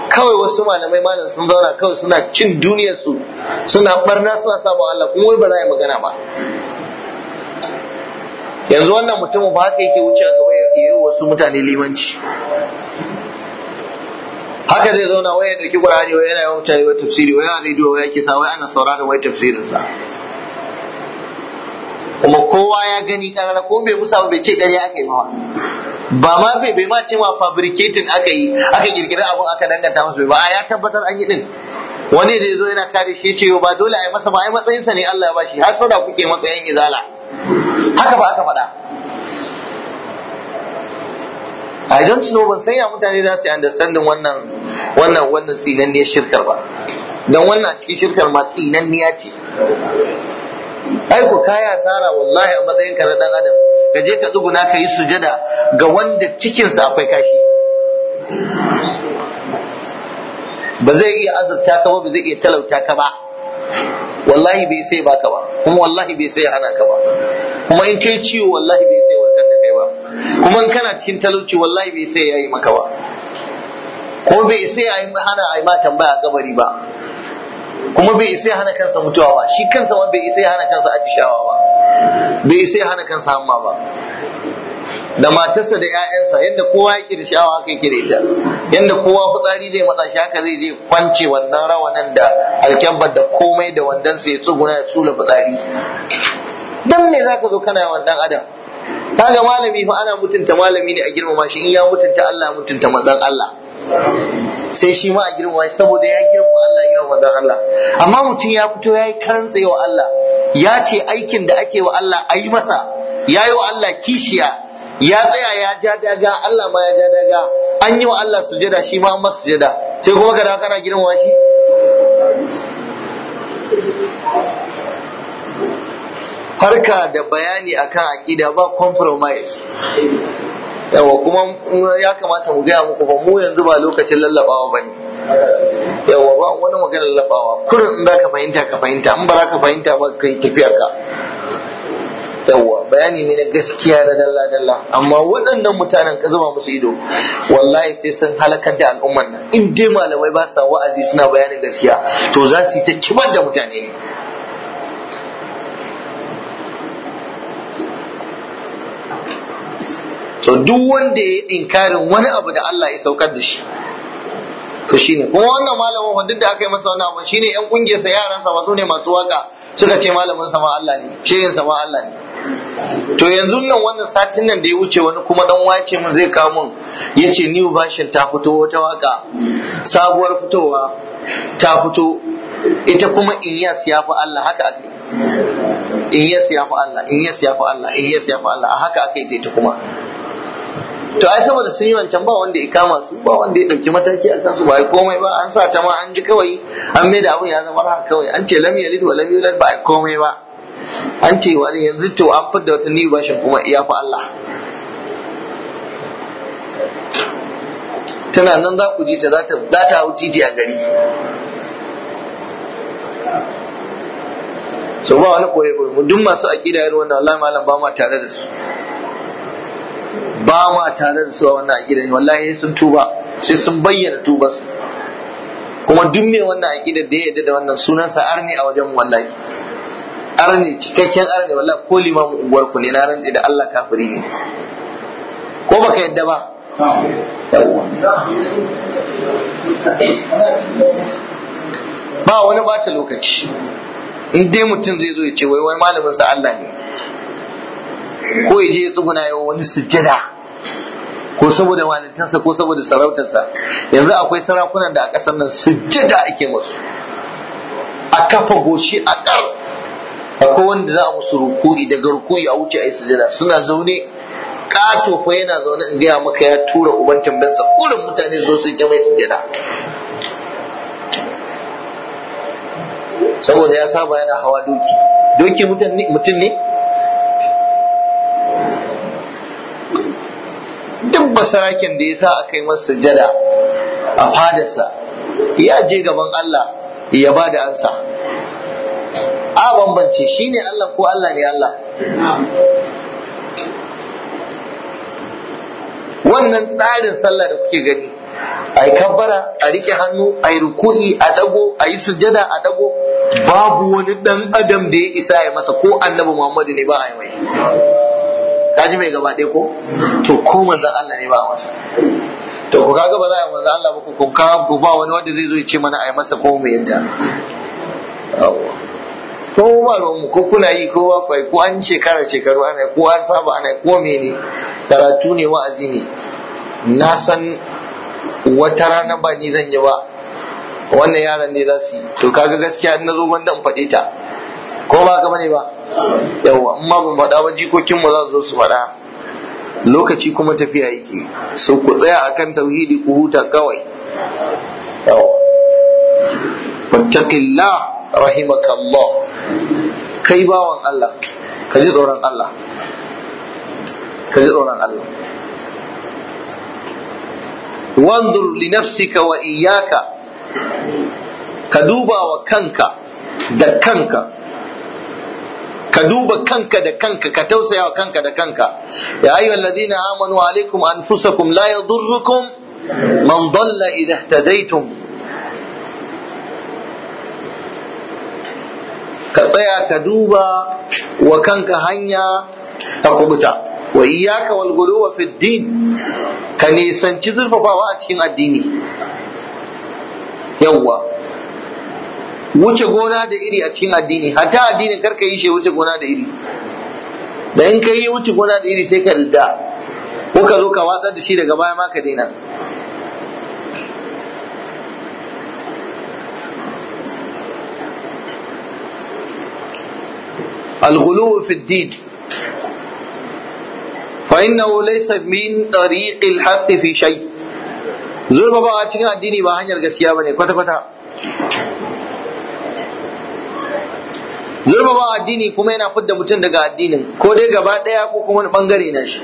kawai wasu malamai malam sun zauna kawai suna cin duniyar su suna barna suna sabo Allah kuma wai ba za a yi magana ba yanzu wannan mutumin ba haka yake wuce gaba ya yi wasu mutane limanci haka zai zauna wai da dauki qur'ani wai yana yawan mutane wai tafsiri waya a rediyo wai yake sa waya ana sauraron wai tafsirin kuma kowa ya gani karara ko bai musa bai ce ƙarya aka yi ba ba ma bai bai ma cewa fabricating aka yi aka kirkira abun aka danganta masa ba ya tabbatar an yi din wani da yazo yana kare shi ce ba dole a yi masa ba ai matsayinsa ne Allah ya bashi har sada kuke matsayin izala haka ba aka faɗa I don't know ban san ya mutane za su understandin wannan wannan wannan tsinanniyar shirkar ba dan wannan cikin shirkar ma tsinanniya ce ai ko kaya sara wallahi a matsayin ka na dan adam ka je ka tsuguna ka yi sujada ga wanda cikinsa akwai kashi ba zai iya azurta ka ba ba zai iya talauta ka ba wallahi bai sai baka ba kuma wallahi bai sai hana ka ba kuma in kai ciwo wallahi bai sai warkar da kai ba kuma in kana cikin talauci wallahi bai sai yayi maka ba ko bai sai a hana a ma tambaya kabari ba kuma bai isa hana kansa mutuwa ba shi kansa ma bai isa hana kansa atishawa ba bai isa hana kansa hamma ba da matarsa da 'ya'yansa yadda kowa yake da shawa haka yake da ita yadda kowa fitsari zai matsa shi haka zai je kwance wannan rawanan da alkyabbar da komai da wandan sai ya tsuguna ya tsula fitsari dan me zaka zo kana wa dan adam kaga malami fa ana mutunta malami ne a girmama shi in ya mutunta Allah mutunta manzon Allah sai shi ma a girma saboda ya girma Allah ya girma Allah amma mutum ya fito ya yi tsaye wa Allah ya ce aikin da ake wa Allah a yi masa ya yi wa Allah kishiya ya tsaya ya ja daga Allah ma ya ja daga an yi wa Allah sujada shi ma masa sujada sai kuma ka kana girma shi harka da bayani akan aqida ba compromise yawa kuma ya kamata mu gaya muku ba mu yanzu ba lokacin lallabawa ba ne. yawa ba wani magana lallabawa kurin in ka fahimta ka fahimta in ba za ka fahimta ba kai tafiyar ka yawa bayani ne na gaskiya na dalla dalla amma waɗannan mutanen ka zama musu ido wallahi sai sun halakar da al'ummar nan in dai malamai ba sa wa'azi suna bayanin gaskiya to za su yi ta kibar da mutane ne so duk wanda ya inkarin wani abu da Allah ya saukar da shi to shine kuma wannan malamin wanda da aka yi masa wannan abu shine yan kungiyar sa yaran sa su ne masu waka suka ce malamin sama Allah ne shirin sama Allah ne to yanzu nan wannan satin nan da ya wuce wani kuma dan wace mun zai kawo mun yace new version ta fito wata waka sabuwar fitowa ta fito ita kuma in yas ya fi Allah haka ake in yas ya fi Allah in yas ya fi Allah in yas ya fi Allah haka ake ita kuma to ai saboda sun yi wancan ba wanda ya kama su ba wanda ya dauki mataki a kansu ba ai komai ba an sa ta ma an ji kawai an mai da abun ya zama haka kawai an ce lam yalid wa lam yulad ba ai komai ba an ce wani yanzu to an fidda wata ni ba kuma iya fa Allah tana nan za ku ji ta za ta za ta hau titi a gari so ba wani koyi mu duk masu aqida irin wannan wallahi malam ba ma tare da su ba ma tare da su a wannan aƙida ne wallahi sun tuba sai sun bayyana tuba kuma duk mai wannan aƙida da ya yadda da wannan sunansa arni a wajen wallahi arni cikakken arni wallahi ko limamu unguwar ku ne na rantsi da Allah kafiri ne ko baka yadda ba ba wani bata lokaci in dai mutum zai zo ya ce wai wai malamin sa Allah ne ko ya je ya tsuguna yau wani sujjada ko saboda walitansa ko saboda sarautarsa yanzu akwai sarakunan da a ƙasar nan sujjada ake musu a kafa goshi a ƙar akwai wanda za a musu ruku'i daga ruku'i a wuce a yi sujjada suna zaune ƙato fa yana zaune in gaya maka ya tura uban tambansa kurin mutane zo su mai sujjada saboda ya saba yana hawa doki doki mutum ne duk basarakin da ya sa aka yi masa sujada a fadarsa ya je gaban Allah ya bada da ansa a bambance shi ne Allah ko Allah ne Allah wannan tsarin sallah da kuke gani a yi kabbara a rike hannu a yi a dago a yi sujada a dago babu wani ɗan adam da ya isa ya masa ko annabi muhammadu ne ba a yi mai kaji mai gaba ɗaya ko to ko manzan Allah ne ba masa to ku kaga ba za a manzan Allah ba ku kun ku ba wani wanda zai zo ya ce mana a yi masa ko mu yadda ko ba mu ko kuna yi ko ba kwai ko an shekara shekaru ana ko an saba ana ko mene karatu ne wa'azi ne na san wata rana ba ni zan yi ba wannan yaran ne za su yi to kaga gaskiya na zo wanda in faɗi ta ko ba ka bane ba yawa amma ban faɗa ba jikokin mu za su zo su faɗa lokaci kuma tafiya yake so ku tsaya akan tauhidi ku huta kawai yawa fattaqillah rahimakallah kai bawan Allah ka ji tsoron Allah ka ji tsoron Allah wanzur li nafsika wa iyyaka ka duba wa kanka da kanka ka duba kanka da kanka ka tausaya wa kanka da kanka ya ayyuhal ladina amanu alaikum anfusakum la yadurrukum man dalla idha ihtadaytum ka tsaya ka duba wa kanka hanya ta kubuta wa iyyaka wal ghuluwa fid din ka nisanci zurfafawa a cikin addini yawwa wuce gona da iri a cikin addini hatta addinin karka yi shi wuce gona da iri da in ka yi wuce gona da iri sai ka ridda ko ka zo ka watsar da shi daga baya ma ka daina الغلو في الدين فإنه ليس من طريق الحق في شيء zurba ba a cikin addini ba hanyar gaskiya bane kwata kwata girmama addini kuma yana fidda mutum daga addinin ko dai gaba ɗaya ko kuma wani bangare na shi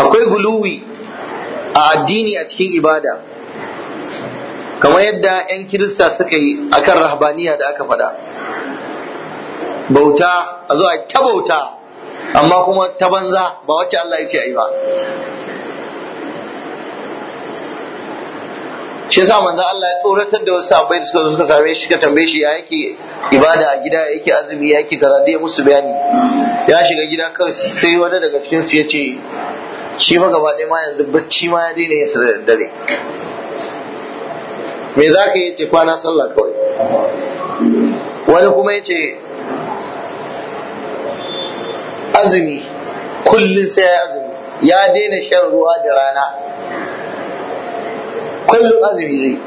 akwai guluwi a addini a cikin ibada kamar yadda 'yan kirista suka yi akan rahbaniya da aka faɗa bauta a zo ta bauta amma kuma ta banza ba wacce Allah ya ce a yi ba shi yasa manzo Allah ya tsoratar da wasu abai da suka suka same shi ka tambaye shi ya yake ibada a gida ya yake azumi ya yake kaza ya musu bayani ya shiga gida kawai sai wani daga cikin su yace shi fa gaba ɗaya ma yanzu bacci ma ya daina yin da dare me za ka ce kwana sallah kawai wani kuma yace azumi kullum sai ya azumi ya daina shan ruwa da rana kullum azumi zai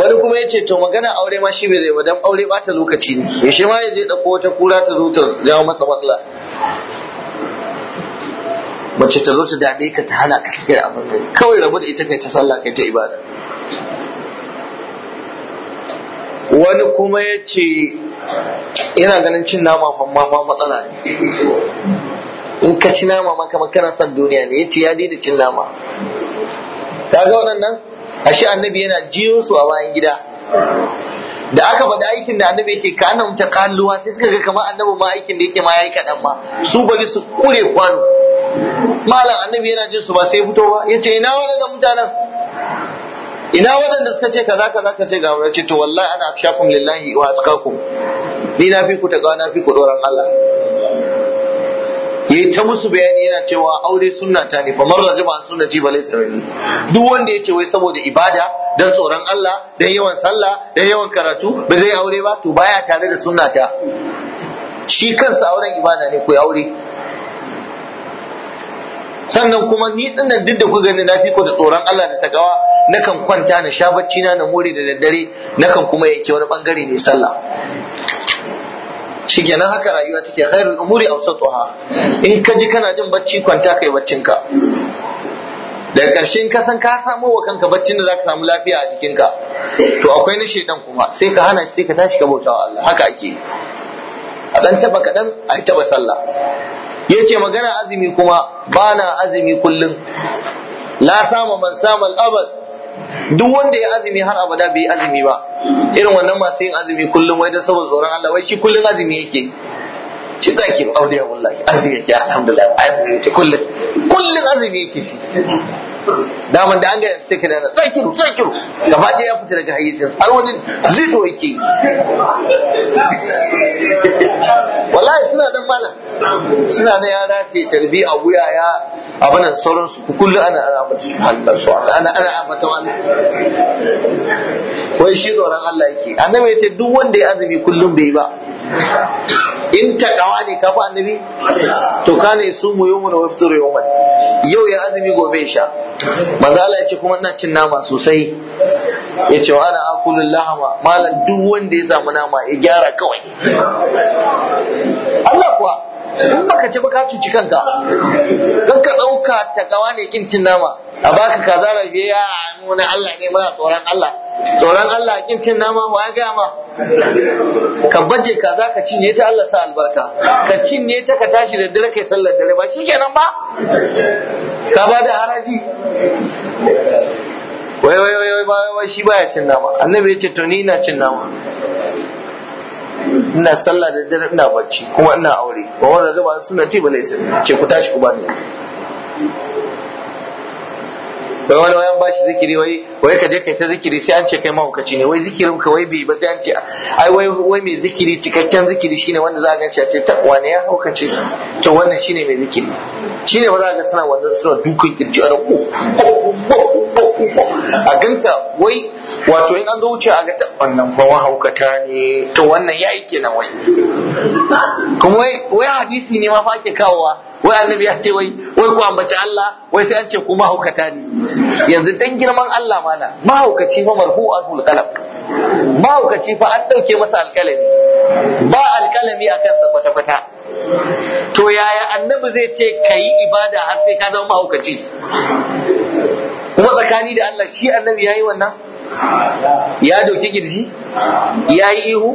wani kuma ya ce to magana aure ma shi bai zai ba dan aure bata lokaci ne ya shi ma ya je dauko wata kura ta zo ta jawo masa matsala mace ta zo ta dame ka ta hana ka sigar abin gari kawai rabu da ita kai ta sallah kai ta ibada wani kuma ya ce ina ganin cin nama fa ma matsala ne in ka ci nama ma kamar kana son duniya ne yace ya daina cin nama kaga waɗannan ashe annabi yana jiyo su a bayan gida da aka faɗi aikin da annabi yake ka annabi ta kalluwa sai suka ga kamar annabi ma aikin da yake ma yayi kaɗan ma su bari su kure kwano malam annabi yana jin su ba sai fito ba yace ina waɗannan mutanen ina waɗanda suka ce kaza kaza ka ce ga wani ce to wallahi ana afshakum lillahi wa atqakum ni na fi ku ta na fi ku doran Allah yayi ta musu bayani yana cewa aure sunna ta ne fa marra jama'a sunnati ba laysa duk wanda yake wai saboda ibada dan tsoron Allah dan yawan sallah dan yawan karatu ba zai aure ba to baya tare da sunnata shi kansa auren ibada ne ko aure sannan kuma ni dinnan duk da ku gani na fiko da tsoron Allah da na nakan kwanta na sha bacci na na more da daddare nakan kuma yake wani bangare ne sallah shikenan haka rayuwa take khairul umuri awsatuha in ka ji kana jin bacci kwanta kai baccin ka daga karshe in ka san ka samu wa kanka baccin da zaka samu lafiya a ka to akwai na shedan kuma sai ka hana sai ka tashi ka bautawa Allah haka ake a dan taba kadan a taba sallah yace magana azumi kuma bana azumi kullun la sama man sama al-abad duk wanda ya azumi har abada bai azumi ba irin wannan masu yin azumi kullum wai dan saboda tsoron Allah wai shi kullum azumi yake ci zaki auliya wallahi azumi yake alhamdulillah azumi yake kullum kullum azumi yake shi daman da an ga take da dana tsakiru tsakiru gaba ɗaya ya fita daga hayyacin har wani lido yake wallahi suna dan mana suna da yara ce tarbi a wuya ya abinan sauransu kullum ana ana abata su hantar su ana ana abata wani wai shi tsoron Allah yake annabi ya ce duk wanda ya azumi kullum bai ba in kawa ne kafa annabi to kana mu yawmun wa yafṭiru yawman yau ya azumi gobe ya sha manzo Allah ya kuma ina cin nama sosai ya ce wa ana akulul lahama malam duk wanda ya samu nama ya gyara kawai Allah kuwa in baka ci ba ka cuci kanka don ka ɗauka ta gawa ne kin cin nama a baka kaza biya ya nuna Allah ne ba tsoron Allah tsoron Allah kin cin nama wa ga ma ka baje kaza ka cinye ta Allah sa albarka ka cinye ta ka tashi da dare kai sallar dare ba shikenan ba ka ba da haraji wai wai wai wai shi baya cin nama annabi ya ce to ni ina cin nama ina sallah da dare ina bacci kuma ina aure ba wanda zaba sunna ce bale sai ce ku tashi ku bani da wani wayan ba shi zikiri wai wai ka je kai ta zikiri sai an ce kai mahaukaci ne wai zikirin ka wai bai ba sai an ce ai wai wai mai zikiri cikakken zikiri shine wanda za a ganci a ce ta wani ya haukace to wannan shine mai zikiri shine ba za ga suna wanda suna dukan kirji a ko a ganta wai wato in an zo wuce a ga wannan ba wa haukata ne to wannan ya yi kenan wai kuma wai hadisi ne ma fa ake kawowa wai annabi ya ce wai wai ku ambaci Allah wai sai an ce ku mahaukata ne yanzu dan girman Allah mana mahaukaci fa marhu azul qalam mahaukaci fa an dauke masa alkalami ba alkalami akan sa kwata kwata to yaya annabi zai ce kai ibada har sai ka zama mahaukaci kuma tsakani da Allah shi annabi yayi wannan ya doki kirji yayi ihu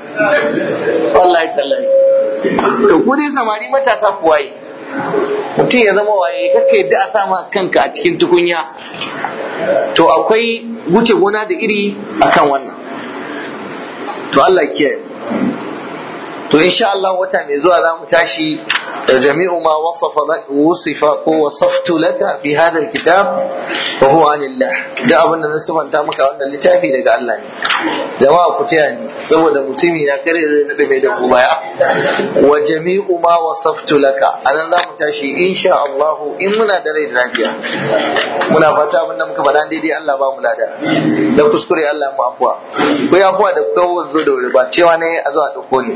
wallahi tallahi to ku dai samari matasa ku mutum ya zama waye kakka yadda a sama kanka a cikin tukunya to akwai wuce gona da iri akan wannan to Allah ke. to insha Allah wata mai zuwa za mu tashi جميع ما وصف وصف وصفت لك في هذا الكتاب وهو عن الله da abin da na sifanta maka wannan littafi daga Allah ne jama'a ku taya ni saboda mutumi na kare da da mai da baya wa jami'u ma wasaftu laka anan za mu tashi insha Allah in muna da rai da lafiya muna fata abin da muka faɗa daidai Allah ba mu lada da kuskure Allah mu afuwa ko ya afuwa da kawo zo da wuri ba cewa ne a zo a dauko ne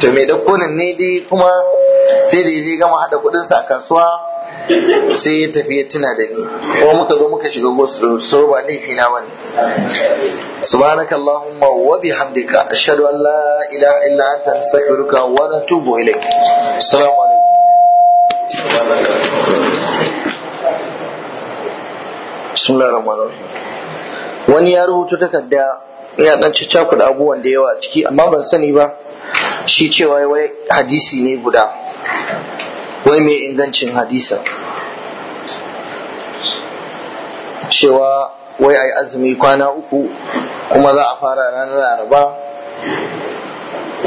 to mai dauko ne dai kuma sai da yaje gama hada kudin sa a kasuwa sai ya tafi ya tuna da ni Ko muka zo muka shiga gosu so ba ni na bane subhanakallahumma wa bihamdika ashhadu an la ilaha illa anta astaghfiruka wa atubu ilaik assalamu alaikum wani ya rubuta takarda ya dan cakuda abubuwan da yawa a ciki amma ban sani ba shi cewa wai hadisi ne guda wai mai ingancin hadisa cewa wai a yi azumi kwana uku kuma za a fara ranar laraba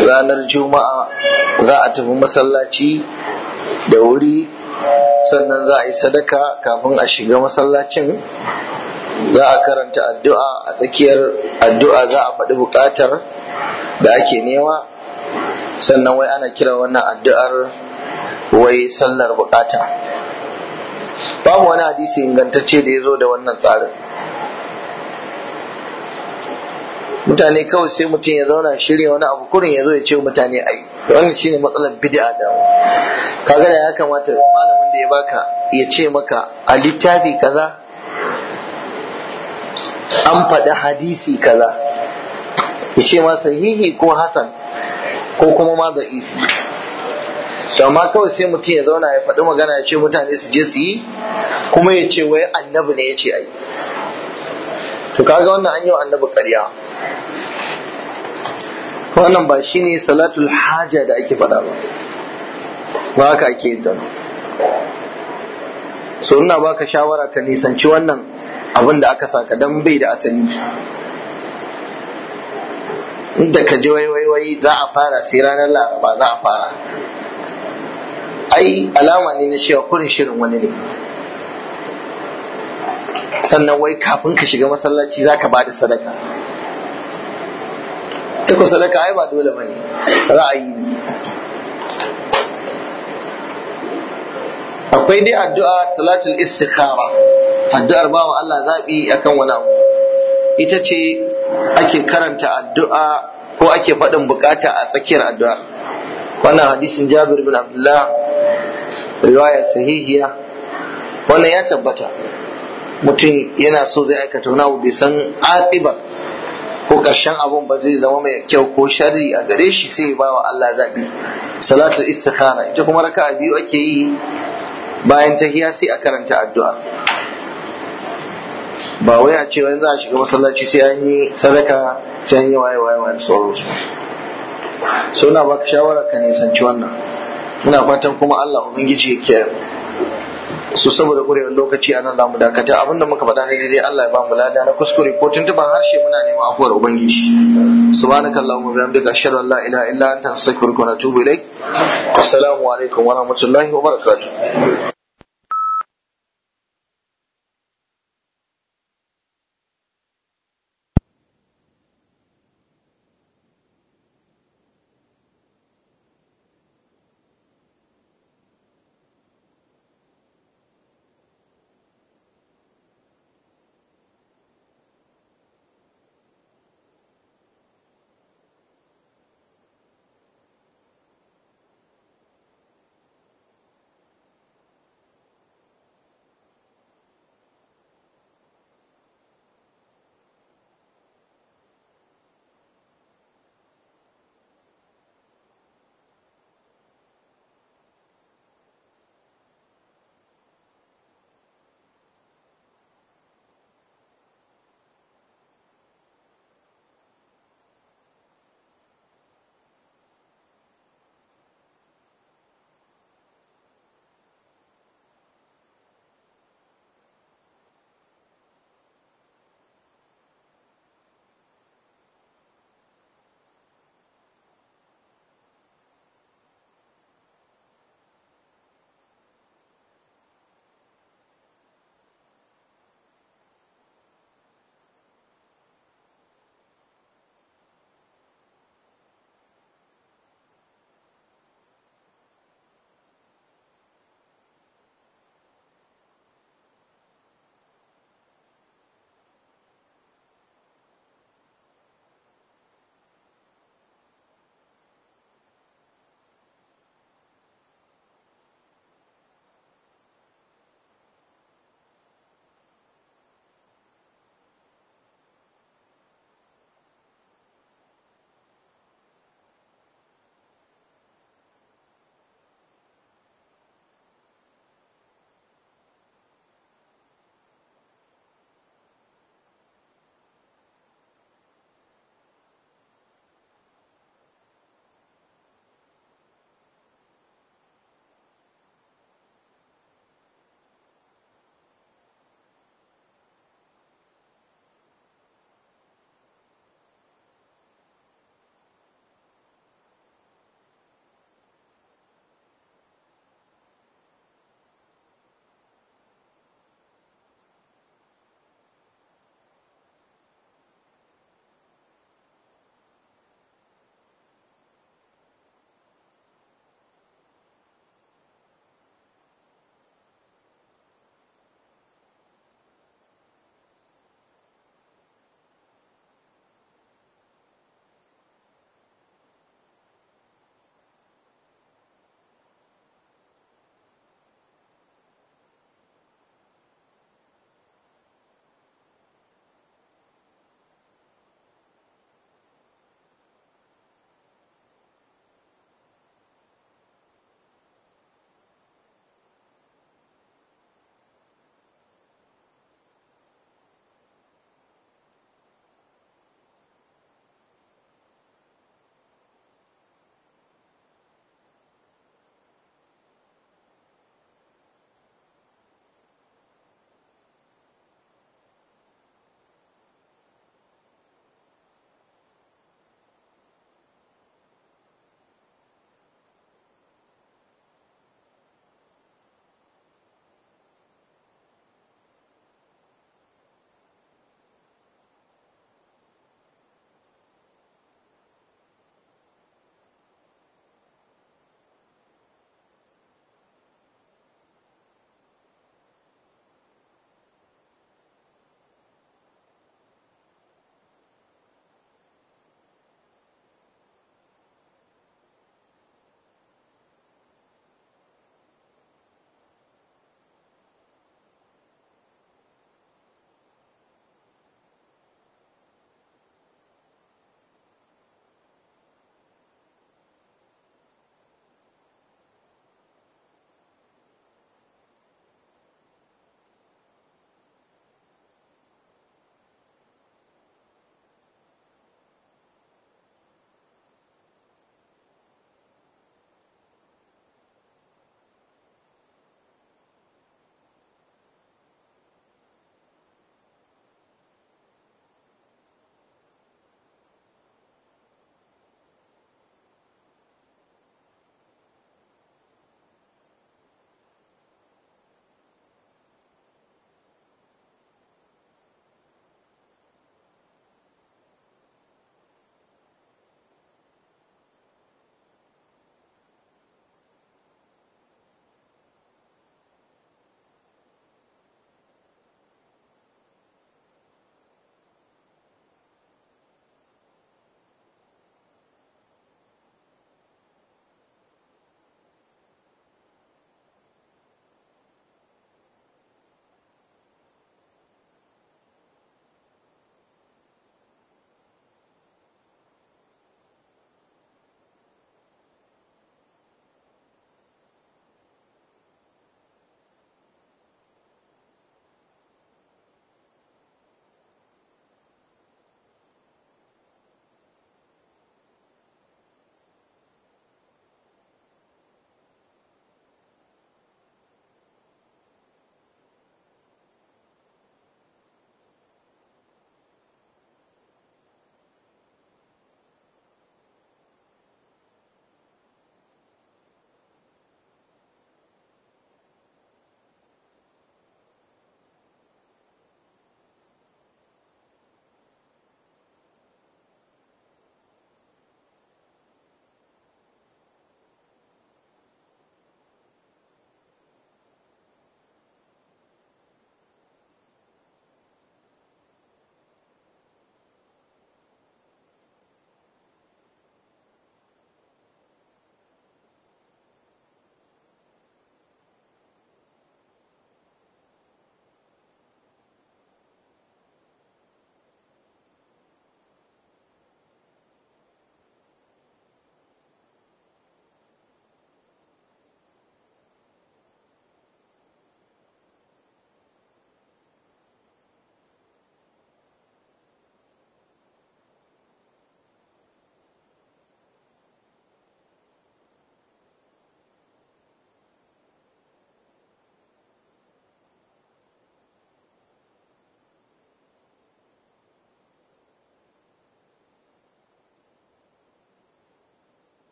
ranar juma'a za a tafi masallaci da wuri sannan za a yi sadaka kafin a shiga masallacin za a karanta addu'a a tsakiyar addu'a za a faɗi buƙatar da ake nema sannan wai ana kira wannan addu'ar wai sallar bukata babu wani hadisi ingantacce da ya zo da wannan tsarin mutane kawai sai mutum ya zauna shirya wani abu kurin ya zo ya ce mutane ayi wannan shine matsalar bid'a da kaga da ya kamata malamin da ya baka ya ce maka a littafi kaza an faɗi hadisi kaza ya ce ma sahihi ko hasan ko kuma ma da'ifi to amma kawai sai mutum ya zauna ya faɗi magana ya ce mutane su je su yi kuma ya ce wai annabi ne ya ce ai to kaga wannan an yi wa annabi ƙarya wannan ba shi ne salatul haja da ake faɗa ba ba haka ake yin ta so ina baka shawara ka nisanci wannan abin da aka saka don bai da asali inda ka ji waiwaiwai za a fara sai ranar laraba za a fara ai alama ne na cewa kurin shirin wani ne sannan wai kafin ka shiga masallaci za ka bada sadaka ta ku sadaka ai ba dole ba ne ra'ayi ne akwai dai addu'a salatul istikhara addu'ar bawa Allah zabi akan wani abu ita ce ake karanta addu'a ko ake faɗin bukata a tsakiyar addu'a wannan hadisin Jabir bin Abdullah riwaya sahihiya wannan ya tabbata mutum yana so zai aikata wani abu bai san aqiba ko karshen abun ba zai zama mai kyau ko sharri a gare shi sai ya ba wa Allah zaɓi salatul istikhara ita kuma raka biyu ake yi bayan tahiya sai a karanta addu'a ba wai a ce wani za a shiga masallaci sai an yi sadaka sai an yi waye waye waye sauransu so na baka shawara ka nisanci wannan muna fatan kuma Allah ubangiji ya kiyaye su saboda ƙurewar lokaci a nan za mu dakata da muka faɗa na daidai Allah ya ba mu lada na kuskure ko tuntuban harshe muna neman afuwar ubangiji subhanaka allahumma bihamdika ashhadu an la ilaha illa anta astaghfiruka wa atubu ilaik assalamu alaikum wa rahmatullahi wa barakatuh